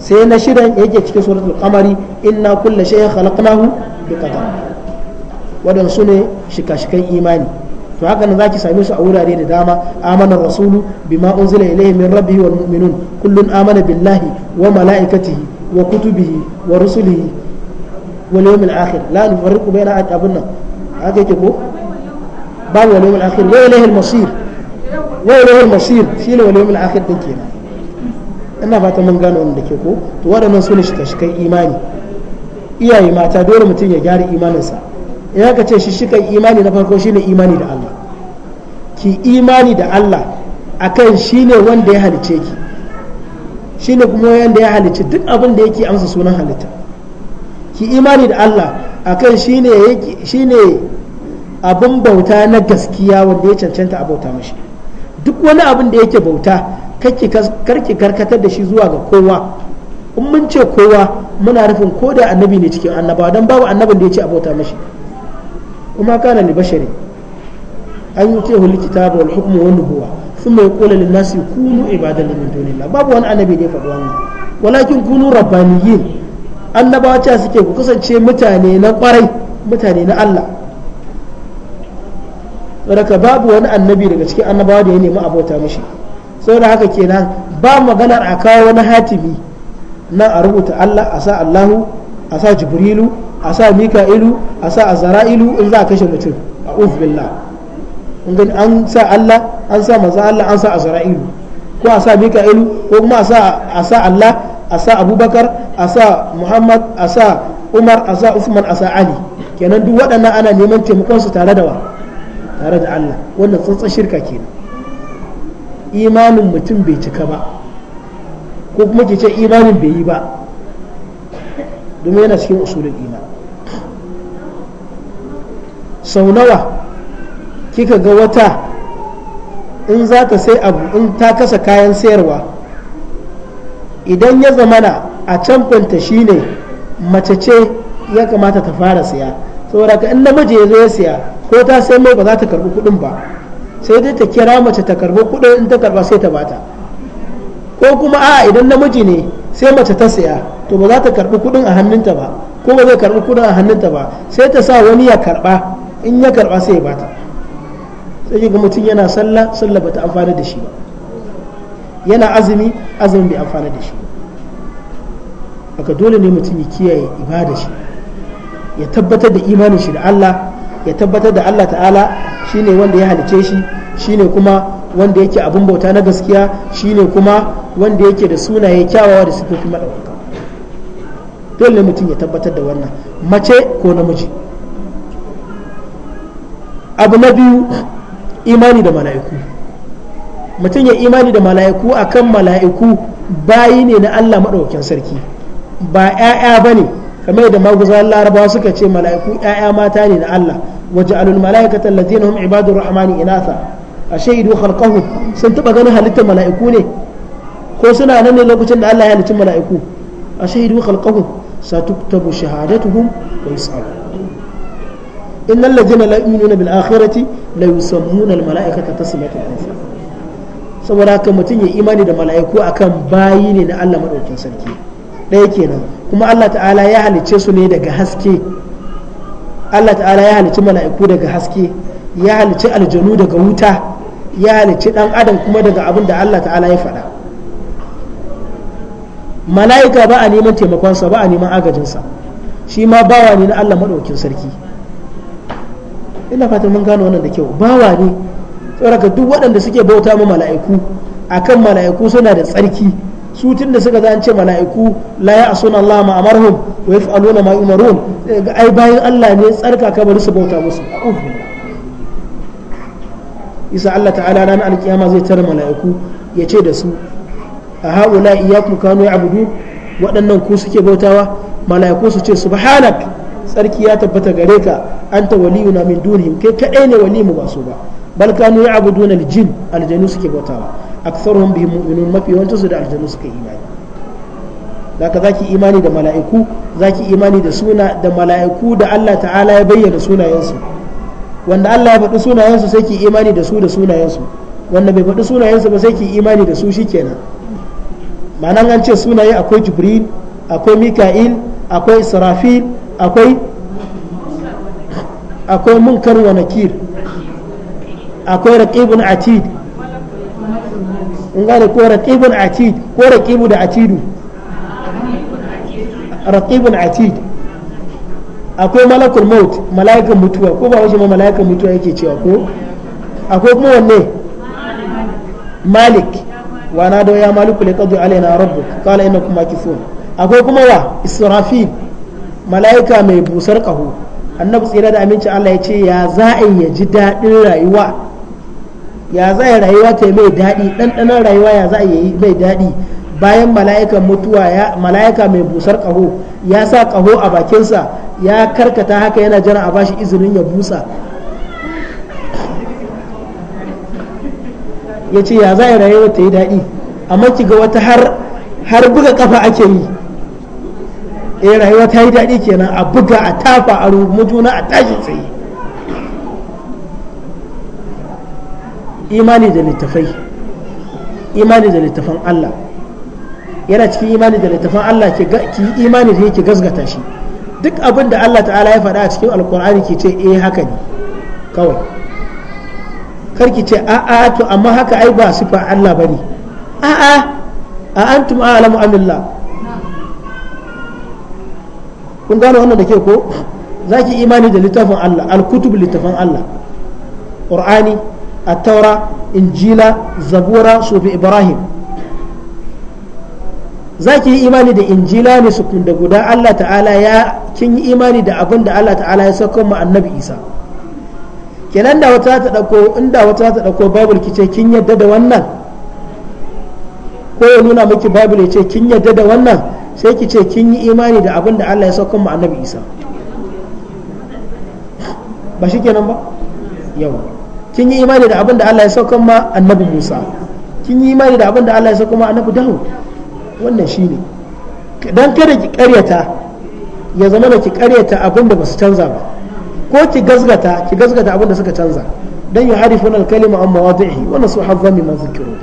سينا شدا يجي في سورة القمر إنا كل شيء خلقناه بقدر ودن سنة شكاشكي إيماني to haka nan zaki same su a wurare da dama amana rasulu bima unzila ilayhi min rabbihi wal mu'minun kullun amana billahi wa malaikatihi wa kutubihi wa rusulihi wal ko babu wal yawmil akhir wa ilayhi al masir wa ilayhi al masir ina fata mun gano wanda ke ko to waɗannan su ne shika imani iyaye mata dole mutum ya gyara imaninsa in aka ce shishikan imani na farko shine imani da Allah ki imani da Allah akan shine wanda ya halice ki shine kuma wanda ya halice duk abin da yake amsa sunan halitta ki imani da Allah akan shine shine abin bauta na gaskiya wanda ya cancanta a bauta mashi duk wani abin da yake bauta karki karkatar da shi zuwa ga kowa in mun ce kowa muna nufin ko da annabi ne cikin annabawa don babu annabin da ya ce a bauta mashi kuma kana ni bashari an yi ce hulki ta wal hukmu wani buwa sun mai kola lin su kunu ibadan min dunillah babu wani annabi da ya faɗi wannan walakin kunu rabbaniyin annabawa ce suke ku kasance mutane na kwarai mutane na Allah saboda babu wani annabi daga cikin annabawa da ya nemi abota mishi saboda haka kenan ba maganar a kawo wani hatimi nan a rubuta Allah a sa Allahu a sa Jibrilu a sa Mika'ilu a sa Azara'ilu in za a kashe mutum a uf billah an sa Allah an sa maza Allah an sa Azara'ilu ko a sa Mika'ilu ko kuma a sa a sa Allah a sa Abubakar a sa Muhammad a sa Umar a sa usman a sa Ali kenan duk waɗannan ana neman taimakon su tare da wa tare da Allah wannan tsantsan shirka kenan imanin mutum bai cika ba ko kuma ke ce imanin bai yi ba domin yana cikin usulin iman sau nawa kika ga wata in za ta sai abu in ta kasa kayan sayarwa idan ya zamana a canfanta shine mace ce ya kamata ta fara siya saboda ka in namiji ya zo ya siya ko ta sai mai ba za ta karbi kuɗin ba sai dai ta kira mace ta karbi kudin in ta karba sai ta bata ko kuma a idan namiji ne sai mace ta siya to ba za ta karbi kuɗin a hannunta ba ko ba zai karbi kuɗin a hannunta ba sai ta sa wani ya karba in ya karba sai ya bata sai ga mutum yana sallah sallah bata amfana da shi ba yana azumi azumin bai amfana da shi ba haka dole ne mutum ya kiyaye ibada shi ya tabbatar da imanin shi da Allah ya tabbatar da Allah ta'ala shine wanda ya halice shi shine kuma wanda yake abin bauta na gaskiya shine kuma wanda yake da sunaye kyawawa da sifofi madaukaka dole mutum ya tabbatar da wannan mace ko namiji abu na biyu imani da mala'iku mutum ya imani da mala'iku akan mala'iku bayi ne na Allah maɗaukakin sarki ba 'ya'ya ba kamar da maguzawan larabawa suka ce mala'iku yaya mata ne na Allah waje alul mala'ikata allazina hum ibadur rahmani inatha a shaidu halkahu sun taba ganin halittar mala'iku ne ko suna nan ne lokacin da Allah ya halicci mala'iku a shaidu khalqahu satuktabu shahadatuhum wa yus'alu innal ladzina la yu'minuna bil akhirati la yusammuna al mala'ikata tasmiyata al saboda haka mutum ya imani da mala'iku akan bayi ne na Allah madaukakin sarki ɗaya kenan kuma Allah ta'ala ya halice su ne daga haske Allah ta'ala ya halici mala'iku daga haske ya halici aljanu daga wuta ya halici ɗan adam kuma daga abin da Allah ta'ala ya faɗa mala'ika ba a neman taimakon sa ba a neman agajinsa shi ma bawa ne na Allah maɗaukin sarki ina fatan mun gano wannan da kyau bawa ne tsoraka duk waɗanda suke bauta ma mala'iku akan mala'iku suna da tsarki su tun da suka zance mala'iku la ya asuna Allah ma amarhum wa yaf'aluna ma yumarun ai bayan Allah ne tsarka ka bari su bauta musu isa Allah ta'ala ranar alkiyama zai tara mala'iku ya ce da su a haula iyyakum kanu ya'budu waɗannan ku suke bautawa mala'iku su ce subhanak tsarki ya tabbata gare ka anta waliyuna min dunihim kai kadai ne walimu ba su ba bal kanu ya'buduna aljin aljanu suke bautawa aktharuhum bihim mu'minun mafi yawancin su da aljanu suka imani zaka zaki imani da mala'iku zaki imani da suna da mala'iku da Allah ta'ala ya bayyana sunayensu wanda Allah ya faɗi sunayensu sai ki imani da su da sunayensu wanda bai faɗi sunayensu ba sai ki imani da su shikenan ma'anan an ce sunaye akwai jibril akwai mika'il akwai israfil akwai akwai munkar wa nakir akwai raqibun atid in gane ko raqibun atid ko raqibu da atidu raqibun atid akwai malakul maut mala'ikan mutuwa ko ba wajen mala'ikan mutuwa yake cewa ko akwai kuma wanne malik wa na da ya maliku li qadi alaina rabbuk qala innakum makithun akwai kuma wa israfil mala'ika mai busar kaho annabi tsira da aminci Allah ya ce ya za ya ji daɗin rayuwa ya za a rayuwa ta mai daɗi ɗanɗanon rayuwa ya za a yi mai daɗi bayan mala'ika mutuwa ya mala'ika mai busar ƙaho ya sa ƙaho a bakinsa ya karkata haka yana jira a bashi izinin ya busa ya ce ya za a rayuwa ta yi daɗi amma ki ga wata har har buga kafa ake yi eh rayuwa ta yi daɗi kenan a buga a tafa a rumutu na a tashi tsaye imani da littafai imani da littafan Allah yana cikin imani da littafan Allah ke ki imani da yake gasgata shi duk abin da Allah ta'ala ya faɗa a cikin alkur'ani ke ce eh haka ne kawai karki ce a'a to amma haka ai ba sifa Allah bane a'a a antum a'lamu amillah kun gano wannan da ke ko zaki imani da littafin Allah al-kutub littafin Allah qur'ani التوراة إنجيلا زبورة صوف إبراهيم zaki yi imani da injila ne su kunda guda Allah ta'ala ya kin yi imani da abin da Allah ta'ala ya sauko ma annabi Isa kenan da wata ta dauko inda wata ta dauko babul kice kin yadda da wannan ko ya nuna miki babul ya ce kin yadda da wannan sai ki ce kin yi imani da abin da Allah ya sauko ma annabi Isa ba shi kenan ba yawa kin yi imani da abin da Allah ya sauka ma annabi Musa kin yi imani da abin da Allah ya sauka ma annabi Dawud wannan shine dan kada ki karyata ya zama da ki karyata abin da basu canza ba ko ki gazgata ki gazgata abin da suka canza dan yuharifuna al-kalima amma wadihi wa nasu hazzan mimma zikiru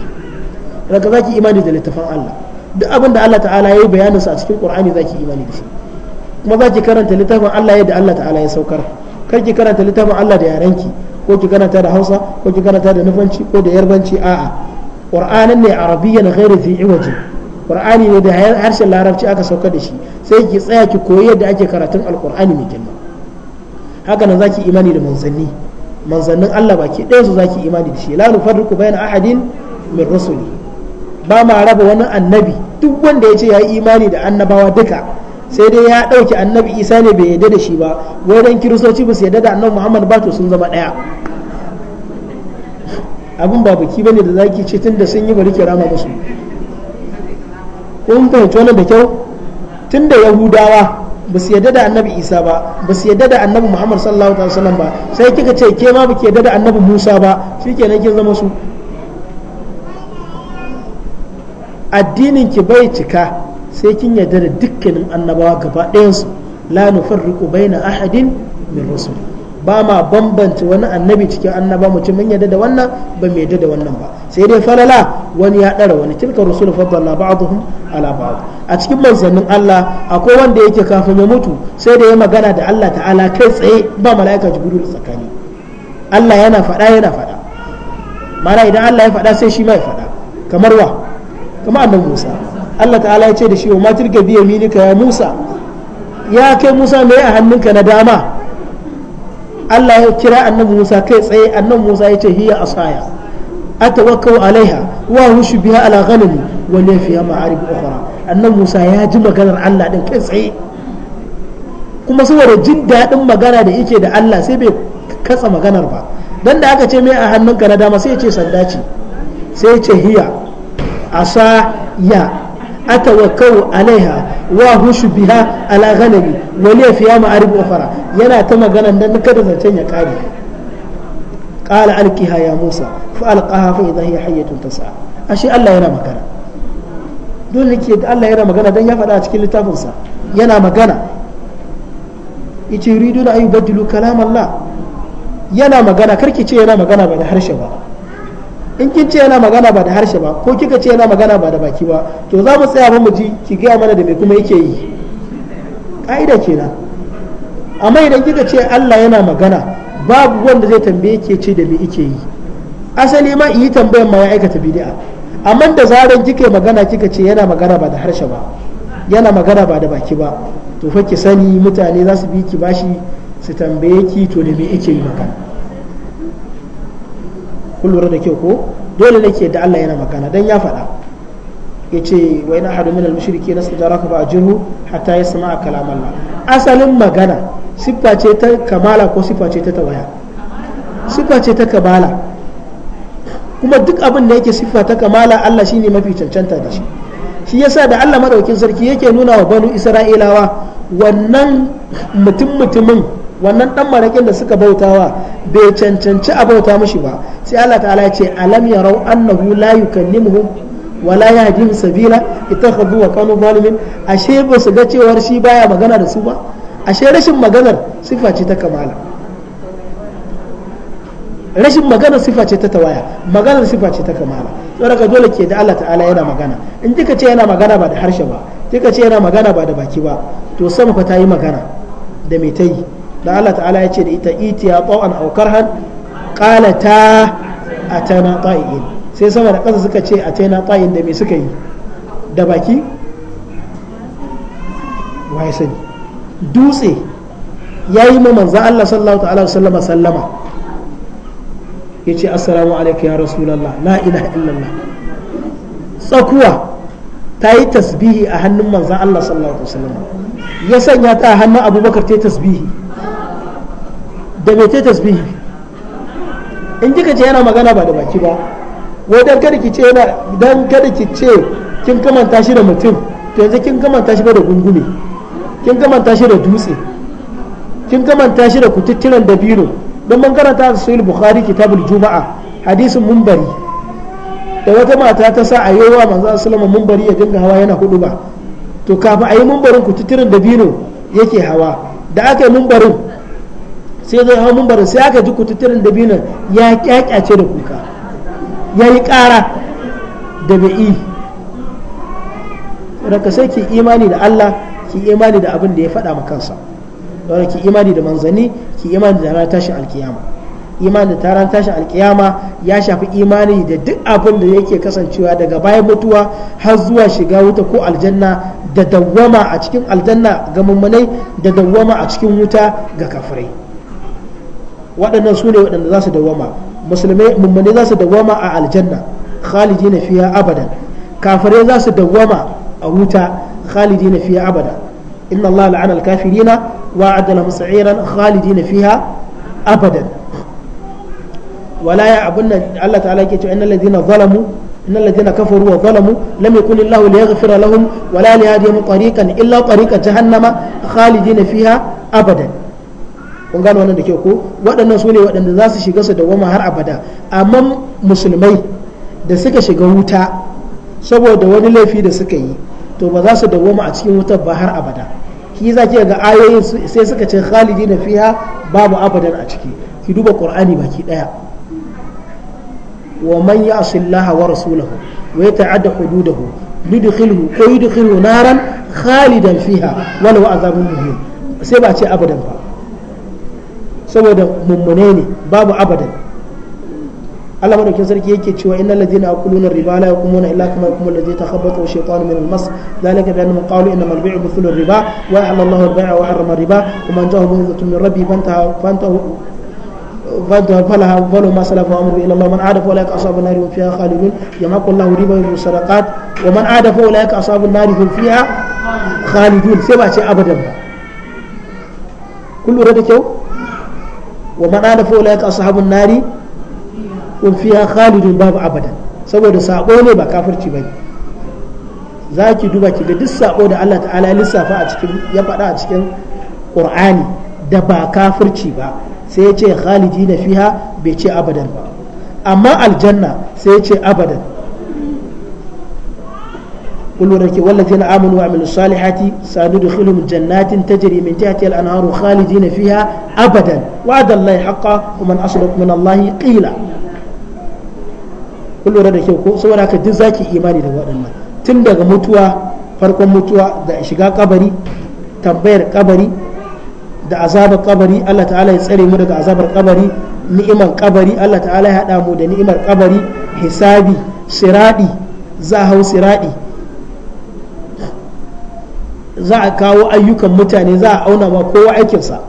daga zaki imani da littafin Allah duk abin da Allah ta'ala ya yi bayanin sa a cikin Qur'ani zaki imani da shi kuma zaki karanta littafin Allah yadda Allah ta'ala ya saukar kar ki karanta littafin Allah da yarenki ko ki karanta da hausa ko ki karanta da nufanci ko da yarbanci a'a qur'anin ne arabiyyan ghairu fi iwaji qur'ani ne da harshen larabci aka sauka da shi sai ki tsaya ki koyi yadda ake karatun alqur'ani mai girma haka nan zaki imani da manzanni manzannin Allah baki ɗaya su zaki imani da shi la nufarriqu bayna ahadin min rusuli ba ma raba wani annabi duk wanda ya ce ya yi imani da annabawa duka sai dai ya ɗauki annabi isa ne bai yarda da shi ba wai dan kiristoci ba su yarda da annabi muhammad ba to sun zama ɗaya abin ba biki bane da zaki ce tun sun yi bari kirama su kun fahimci wannan da kyau tun yahudawa ba su yadda da annabi isa ba ba su yadda da annabi muhammad sallallahu alaihi wasallam ba sai kika ce ke ma baki yadda da annabi musa ba shikenan kin zama su addinin ki bai cika sai kin yadda da dukkanin annabawa gaba su la nufarriqu baina ahadin min rusul ba ma bambanta wani annabi cikin annaba mutum ce mun yadda da wannan ba mu yadda da wannan ba sai dai falala wani ya dara wani tilka rusul faddala ba'dhum ala ba'd a cikin manzannin Allah akwai wanda yake kafin ya mutu sai da ya magana da Allah ta'ala kai tsaye ba mala'ika jibril tsakani Allah yana faɗa yana faɗa mana idan Allah ya faɗa sai shi ma ya faɗa kamar wa kamar annabi Musa Allah ta'ala ya ce da shi wa ma biya minika ya Musa ya kai Musa mai a hannunka na dama Allah ya kira annabi Musa kai tsaye annabi Musa ya ce hiya asaya atawakkau alaiha wa hushu biha ala ghanami wa li ma'arib ukhra annabi Musa ya ji maganar Allah din kai tsaye kuma saboda jin daɗin magana da yake da Allah sai bai katsa maganar ba dan da aka ce mai a hannunka na dama sai ya ce sanda ce sai ya ce hiya asaya atawakkau alaiha wa hushu biha ala ghanami wali fiya ma'arib ukhra yana ta magana nan kada zancen ya kare qala alkiha ya musa fa alqaha fa idha hiya hayyatun tas'a ashe Allah yana magana dole ke Allah yana magana dan ya faɗa a cikin littafinsa yana magana yace yuriduna ayyubaddilu kalam Allah yana magana karki ce yana magana ba da harshe ba in kin ce yana magana ba da harshe ba ko kika ce yana magana ba da baki ba to za mu tsaya mu ji ki gaya mana da me kuma yake yi ka'ida kenan amma idan kika ce Allah yana magana babu wanda zai tambaye ke ce da me yake yi asali ma yi tambayar ma ya aikata bid'a amma da zaran kike magana kika ce yana magana ba da harshe ba yana magana ba da baki ba to fa ki sani mutane za su bi ki bashi su tambaye ki to da me yake yi magana kun lura da kyau ko dole nake da Allah yana magana dan ya faɗa yace wa ina hadu min al-mushriki nastajaraka fa ajirhu hatta a kalam Allah asalin magana siffa ce ta kamala ko siffa ce ta tawaya siffa ce ta kamala kuma duk abin da yake siffa ta kamala Allah shine mafi cancanta da shi shi yasa da Allah madaukin sarki yake nuna wa banu Isra'ilawa wannan mutum mutumin wannan dan marakin da suka bautawa bai cancanci a bauta mushi ba sai Allah ta'ala ya ce alam yarau annahu la yukallimuhum wala yahdihim sabila ittakhadhu wa kanu zalimin ashe ba su ga cewar shi baya magana da su ba ashe rashin maganar sifa ce ta kamala rashin maganar sifa ce ta tawaya maganar sifa ce ta kamala tsoraka dole ke da Allah ta'ala yana magana in kika ce yana magana ba da harshe ba kika ce yana magana ba da baki ba to sama fa ta yi magana da me ta yi da Allah ta'ala ya ce da ita iti ya tsawon aukar han ƙalata a tana ta'in sai sama da ƙasa suka ce a tana ta'in da me suka yi da baki waye sani dutse ya yi ma manzan Allah sallallahu ta'ala sallama sallama ya ce assalamu alaikum ya rasulallah la ilaha illallah tsakuwa ta yi tasbihi a hannun manzan Allah sallallahu ta'ala ya sanya ta a hannun abubakar ta yi tasbihi da tasbihi in kika ce yana magana ba da baki ba wai dan kada ki ce yana dan kada ki ce kin kamanta shi da mutum to yanzu kin kamanta shi ba da gungume kin kamanta shi da dutse kin kamanta shi da kututturan dabino don man karanta sahih bukhari kitabul juma'a hadisin munbari da wata mata ta sa a yowa manzo sallama munbari ya dinga hawa yana hudu ba to kafin a yi mumbarin kututturan dabino yake hawa da aka yi munbarin sai zai hau mumbarin sai aka ji kututturin binan ya kyakyace da kuka ya yi ƙara da bai raka sai ki imani da Allah ki imani da abin da ya faɗa ma kansa don ki imani da manzanni ki imani da ranar tashin alkiyama imani da taron tashin alkiyama ya shafi imani da duk abin da yake kasancewa daga bayan mutuwa har zuwa shiga wuta ko aljanna da dawwama a cikin aljanna ga mummunai da dawwama a cikin wuta ga kafirai waɗannan su ne waɗanda za su dawama musulmai mummune za su dawama a aljanna khalidina fiya abadan kafirai za su dawama a wuta khalidina fiya abada inna Allah la'ana al-kafirina wa adala musa'iran khalidina fiha abadan wala ya abun nan Allah ta'ala ke cewa innal ladina zalamu innal ladina kafaru wa zalamu lam yakun Allah liyaghfira lahum wala liyadihim tariqan illa tariqa jahannama khalidina fiha abadan kun gano wannan da ke ko waɗannan su ne waɗanda za su shiga su dawwama har abada amma musulmai da suka shiga wuta saboda wani laifi da suka yi to ba za su dawwama a cikin wutar ba har abada ki za ki ga ayoyin sai suka ce khalidina fiha babu abadan a ciki ki duba qur'ani baki daya wa man ya'si Allah wa rasulahu wa yata'adda hududahu yudkhilhu ko yudkhilhu naran khalidan fiha walau azabun muhim sai ba ce abadan ba saboda mummune ne babu abadan Allah madaukin sarki yake cewa innal ladina yaquluna riba la yaqumuna illa kama yaqumu alladhi takhabbathu shaytanu min al-mas dhalika bi annahum qalu al mithlu riba wa ahalla Allahu al-bay'a wa harrama riba wa man jahu min rabbi ومن عاد فأولئك أصحاب النار هم فيها خالدون باب أبدا saboda sabo ne ba kafirci bane za ki duba ki ga duk sabo da Allah ta'ala ya lissafa ya faɗa a cikin Qur'ani da ba kafirci ba sai ya ce khalidina fiha bai ce abadan ba amma aljanna sai ya ce abadan kullum da ke wallafi na amanu wa amilu salihati sadu da khilum jannatin tajri min tahti al-anharu khalidina fiha abadan wa'ada Allah haqqa wa man asdaq min kullum da ke ko saboda ka duk zaki imani da waɗannan tun daga mutuwa farkon mutuwa da shiga kabari tambayar kabari da azabar kabari Allah ta'ala ya tsare mu daga azabar kabari ni'imar ƙabari, Allah ta'ala ya haɗa mu da ni'imar kabari hisabi siradi za hau siradi za a kawo ayyukan mutane za a auna ma kowa aikinsa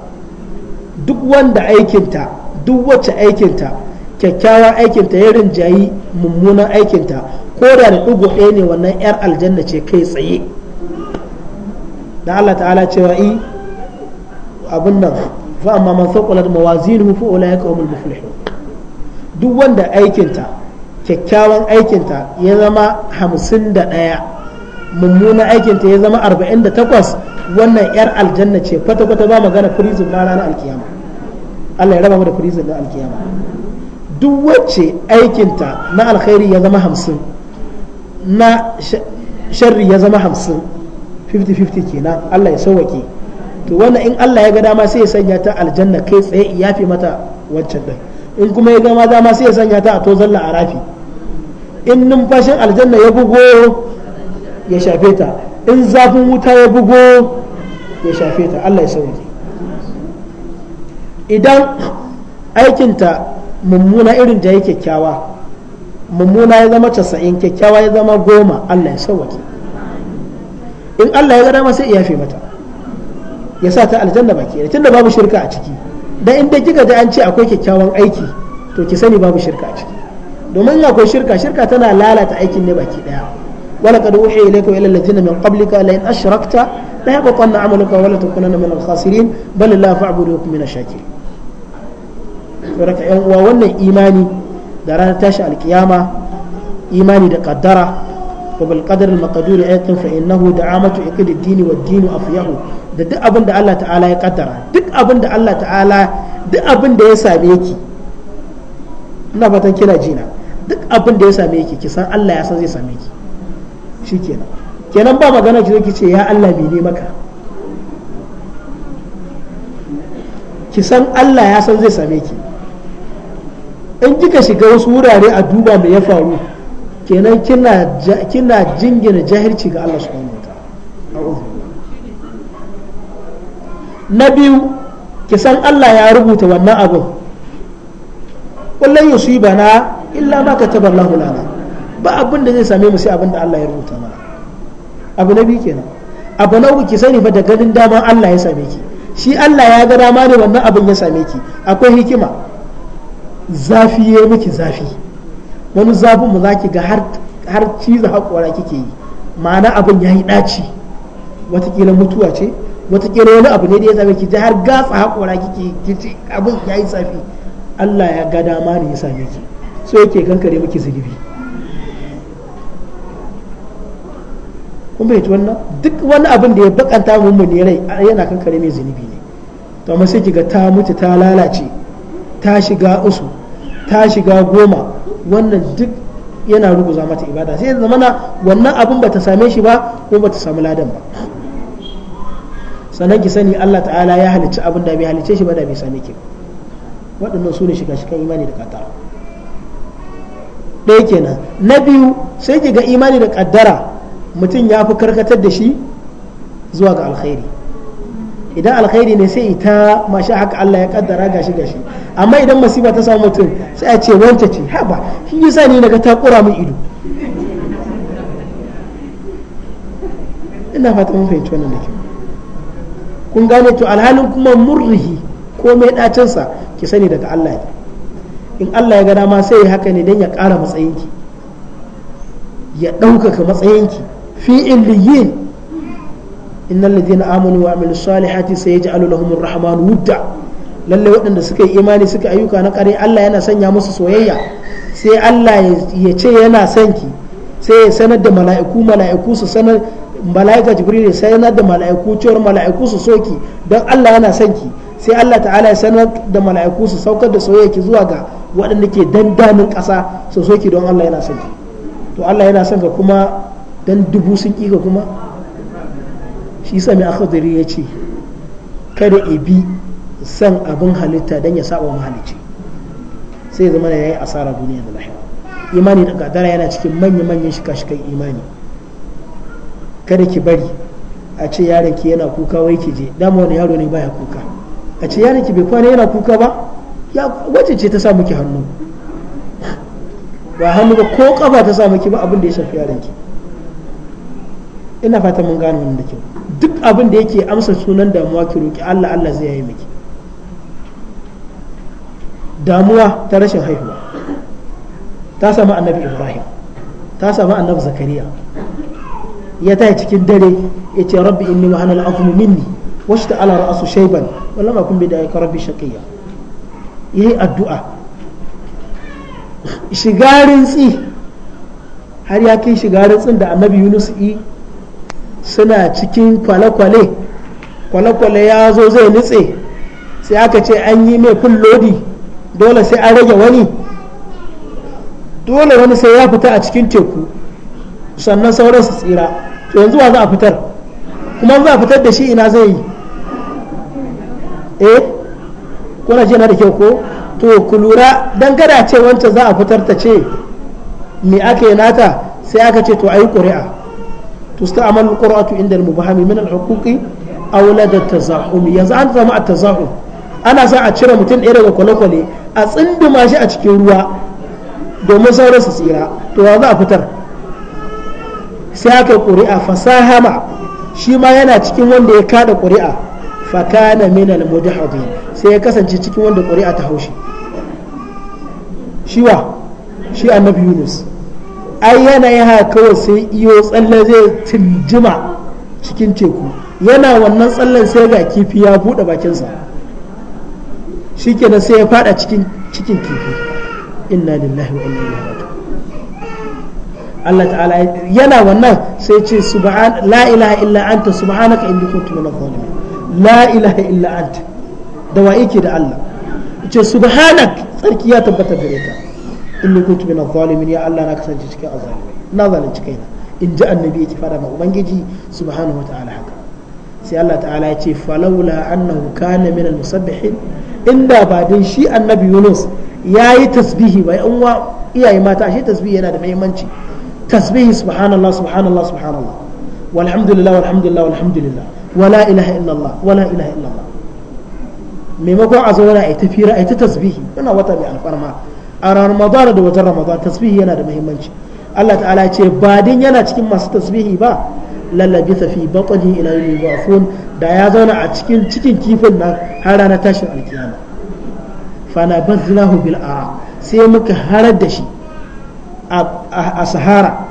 duk wanda aikinta duk wacce aikinta kyakkyawan aikinta ya rinjayi mummunan aikinta ko da da ɗigo ɗaya ne wannan 'yar aljanna ce kai tsaye da Allah ta'ala cewa i abin nan fa amma man saqulat mawazinuhu fa ulaika humul muflihun duk wanda aikinta kyakkyawan aikinta ya zama hamsin da ɗaya mummuna aikin ta ya zama 48 wannan yar aljanna ce kwata kwata ba magana prison na ranar alkiyama Allah ya raba mu da prison na alkiyama duk wacce aikinta na alkhairi ya zama 50 na sharri ya zama 50 50-50 kenan Allah ya sauwake to wannan in Allah ya ga dama sai ya sanya ta aljanna kai tsaye ya fi mata waccan din in kuma ya ga dama sai ya sanya ta a tozalla a rafi in numfashin aljanna ya bugo ya shafe ta in zafin wuta ya bugo ya shafe ta Allah ya sauke idan aikinta mummuna irin da yi kyakkyawa mummuna ya zama casa'in kyakkyawa ya zama goma Allah ya sauke in Allah ya gada sai ya yafe mata ya sa ta aljanna baki tun da babu shirka a ciki dan inda kika da an ce akwai kyakkyawan aiki to ki sani babu shirka a ciki domin akwai shirka shirka tana lalata aikin ne baki daya ولقد أوحي إليك وإلى الذين من قبلك لئن أشركت لا يبطلن عملك ولا تكونن من الخاسرين بل الله فاعبدوا من الشاكرين وأن إيماني درانا تاشا القيامة إيماني دقدرة وبالقدر المقدور أيضا فإنه دعامة إقد الدين والدين أفيه da duk abin da Allah ta'ala ya kaddara duk abin da Allah ta'ala duk abin da ya same ki ina fatan kina jina duk abin da ya same ki ki san Allah ya san zai same ki shi kenan ba magana ki zai ce ya Allah ne maka ki san Allah ya san zai same ki in kika shiga wasu wurare a duba mai ya faru kenan kina jingina jahilci ga Allah subhanahu wataala na biyu ki san Allah ya rubuta wannan abin kullum yusiba na illa ma kataba Allahu lana ba abin da zai same mu sai abin da Allah ya rubuta mana abu na biyu kenan abu na uku ki sani fa da ganin daman Allah ya same ki shi Allah ya ga dama ne wannan abin ya same ki akwai hikima zafi ya miki zafi wani zafin mu za ki ga har har ciza haƙora kike yi ma'ana abin ya yi ɗaci watakila mutuwa ce watakila wani abu ne da ya same ki har gatsa haƙora kike kici abin ya yi zafi Allah ya ga dama ne ya same ki so yake kankare miki zunubi kun bai wannan duk wani abin da ya bakanta mummuni rai yana kan kare mai zunubi ne to amma sai kiga ta mutu ta lalace ta shiga usu ta shiga goma wannan duk yana ruguza mata ibada sai zama mana wannan abin bata same shi ba ko bata samu ladan ba sannan ki sani Allah ta'ala ya halicci abin da bai halicce shi ba da bai same ki waɗannan su ne shiga shikan imani da kaddara ɗaya kenan na biyu sai kiga ga imani da kaddara mutum ya fi karkatar da shi zuwa ga alkhairi idan alkhairi ne sai ita masha haka Allah ya kaddara gashi gashi amma idan masifa ta samu mutum sai a ce wance ce haba shi yasa ni daga ta kura min ido ina fata mun fahimci wannan da kyau kun gane to alhalin kuma murrihi ko mai dacinsa ki sani daga Allah ne in Allah ya ga dama sai haka ne dan ya kara matsayinki ya ɗaukaka matsayinki في عليين إن الذين آمنوا وعملوا الصالحات سيجعل لهم الرحمن ودا lalle waɗanda suka yi imani suka ayyuka na ƙare Allah yana sanya musu soyayya sai Allah ya ce yana son ki sai ya sanar da mala'iku mala'iku su sanar mala'ika jibril ya sanar da mala'iku Allah yana son sai Allah ya sanar da mala'iku su saukar da soyayya ki zuwa ga waɗanda ke dandamin ƙasa su soki don Allah yana son to Allah yana son kuma dan dubu sun ƙiga kuma shi sami akhadari ya ce kada ibi san abin halitta don ya saba mahalicci sai zama da yi asara duniya da lahira imani da kadara yana cikin manya manyan shika shikan imani kada ki bari a ce yaron ki yana kuka wai ki je dama wani yaro ne baya kuka a ce yaron ki bai kwana yana kuka ba ya wace ce ta sa muke hannu ba hannu ba ko kafa ta sa muke ba abin da ya shafi yaron ki ina fata mun gano wannan da kyau duk abin da yake amsa sunan damuwa ki roki Allah Allah zai yi miki damuwa ta rashin haihuwa ta samu annabi Ibrahim ta samu annabi Zakariya ya taya cikin dare ya ce rabbi inni wa hana al'azmu minni wasu ta'ala ra'asu shaiban wallan ma kun bi da ya rabbi shaqiya yayi addu'a shiga rintsi har ya kai shiga rintsin da annabi Yunus i suna cikin kwale-kwale kwale-kwale ya zo zai nutse sai aka ce an yi mai kun lodi dole sai an rage wani dole wani sai ya fita a cikin teku sannan sauran su tsira to yanzu wa za a fitar kuma za a fitar da shi ina zai yi eh kuna ce na da kyau ko to ku lura don gada ce wancan za a fitar ta ce me ake nata sai aka ce to ayi ƙuri'a تستعمل القراءة عند المبهم من الحقوق أو لدى التزاحم يزعل زما التزاحم أنا ساعة شرى متن إيرا وكولوكولي أصند ما cikin ruwa domin sauransu tsira to za a fitar sai kuri'a ƙuri'a fasahama shi ma yana cikin wanda ya kada ƙuri'a fakana min al-mudahidin sai ya kasance cikin wanda ƙuri'a ta haushi shi shi annabi Yunus ai yanayin haka kawai sai iyo tsalle zai tunjima cikin teku yana wannan tsallen sai ga kifi ya buɗe bakinsa shi kenan sai ya fada cikin cikin kifi inna lillahi wa inna ilaihi raji'un Allah ta'ala yana wannan sai ce subhan la ilaha illa anta subhanaka inni kuntu minadh zalimin la ilaha illa anta da wa yake da Allah ce subhanak tsarki ya tabbata gare ka in kuntu min adh-dhalimin ya Allah na kasance cikin azzalimai na zalunci kaina in ji annabi yake fada ma ubangiji subhanahu wa ta'ala haka sai Allah ta'ala ya ce falawla annahu kana min al-musabbihin inda ba dai shi annabi Yunus yayi tasbihi bai an wa iyaye mata shi tasbihi yana da muhimmanci tasbihi subhanallah subhanallah subhanallah walhamdulillah walhamdulillah walhamdulillah wala ilaha illallah wala ilaha illallah maimakon a zauna a yi ta fira ta tasbihi yana wata mai alfarma a ramadan da watan ramadan tasbihi yana da muhimmanci Allah ta'ala ce ba din yana cikin masu tasbihi ba lallabi fi batni ila yawmi yub'athun da ya zauna a cikin cikin kifin nan har ranar tashin alkiyama Fana ban bazlahu bil ara sai muka harar da shi a sahara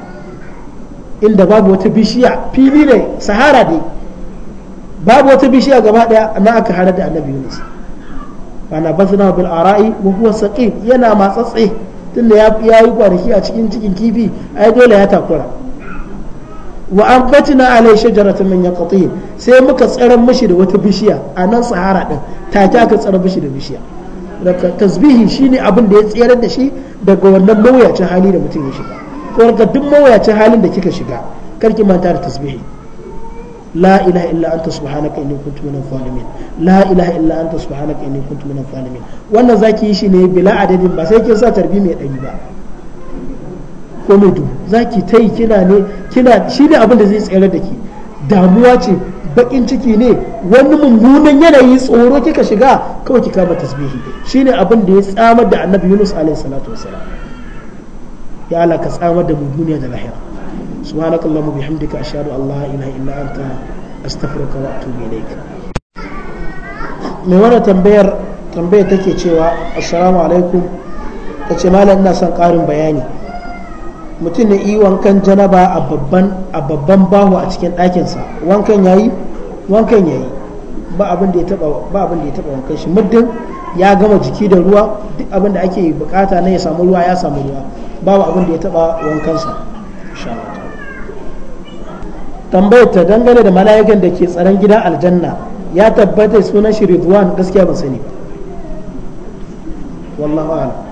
inda babu wata bishiya fili ne sahara dai babu wata bishiya gaba daya na aka harar da annabi Yunus ana basna bil ara'i wa huwa saqim yana matsatse tunda ya yi kwanaki a cikin cikin kifi ai dole ya takura wa ambatina alai shajaratan min yaqtin sai muka tsaran mishi da wata bishiya a nan sahara din take ka tsaran mishi da bishiya daga tasbihi shine abin da ya tsayar da shi daga wannan mawuyacin hali da mutum ya shiga to daga duk mawuyacin halin da kika shiga karki manta da tasbihi لا إله إلا أنت سبحانك إني كنت من الظالمين لا إله إلا أنت سبحانك إني كنت من الظالمين wannan zaki shi ne bila adadin ba sai kin sa tarbi mai ɗari ba ko mai duhu zaki ta yi kina ne kina shi ne abin da zai tsere da ki damuwa ce bakin ciki ne wani mummunan yanayi tsoro kika shiga kawai kika ba tasbihi shi ne abin da ya tsamar da annabi yunus alaihi salatu wasalam ya alaka ka tsamar da mummuniya da lahira سبحانك اللهم وبحمدك أشهد أن لا إله إلا أنت أستغفرك وأتوب إليك mai wani tambayar take cewa assalamu alaikum malam ina son ƙarin bayani mutum ne yi wankan janaba a babban bahu a cikin ɗakinsa wankan yayi wankan ba abin ya taba ba abin da ya taba wankan shi muddin ya gama jiki da ruwa duk abin da ake bukata na ya samu ruwa ya samu ruwa babu abin da ya taba wankansa insha tambayar ta dangane da mala'ikan da ke tsaron gidan aljanna ya tabbata sunan shi ridwan gaskiya ban sani wallahu a'lam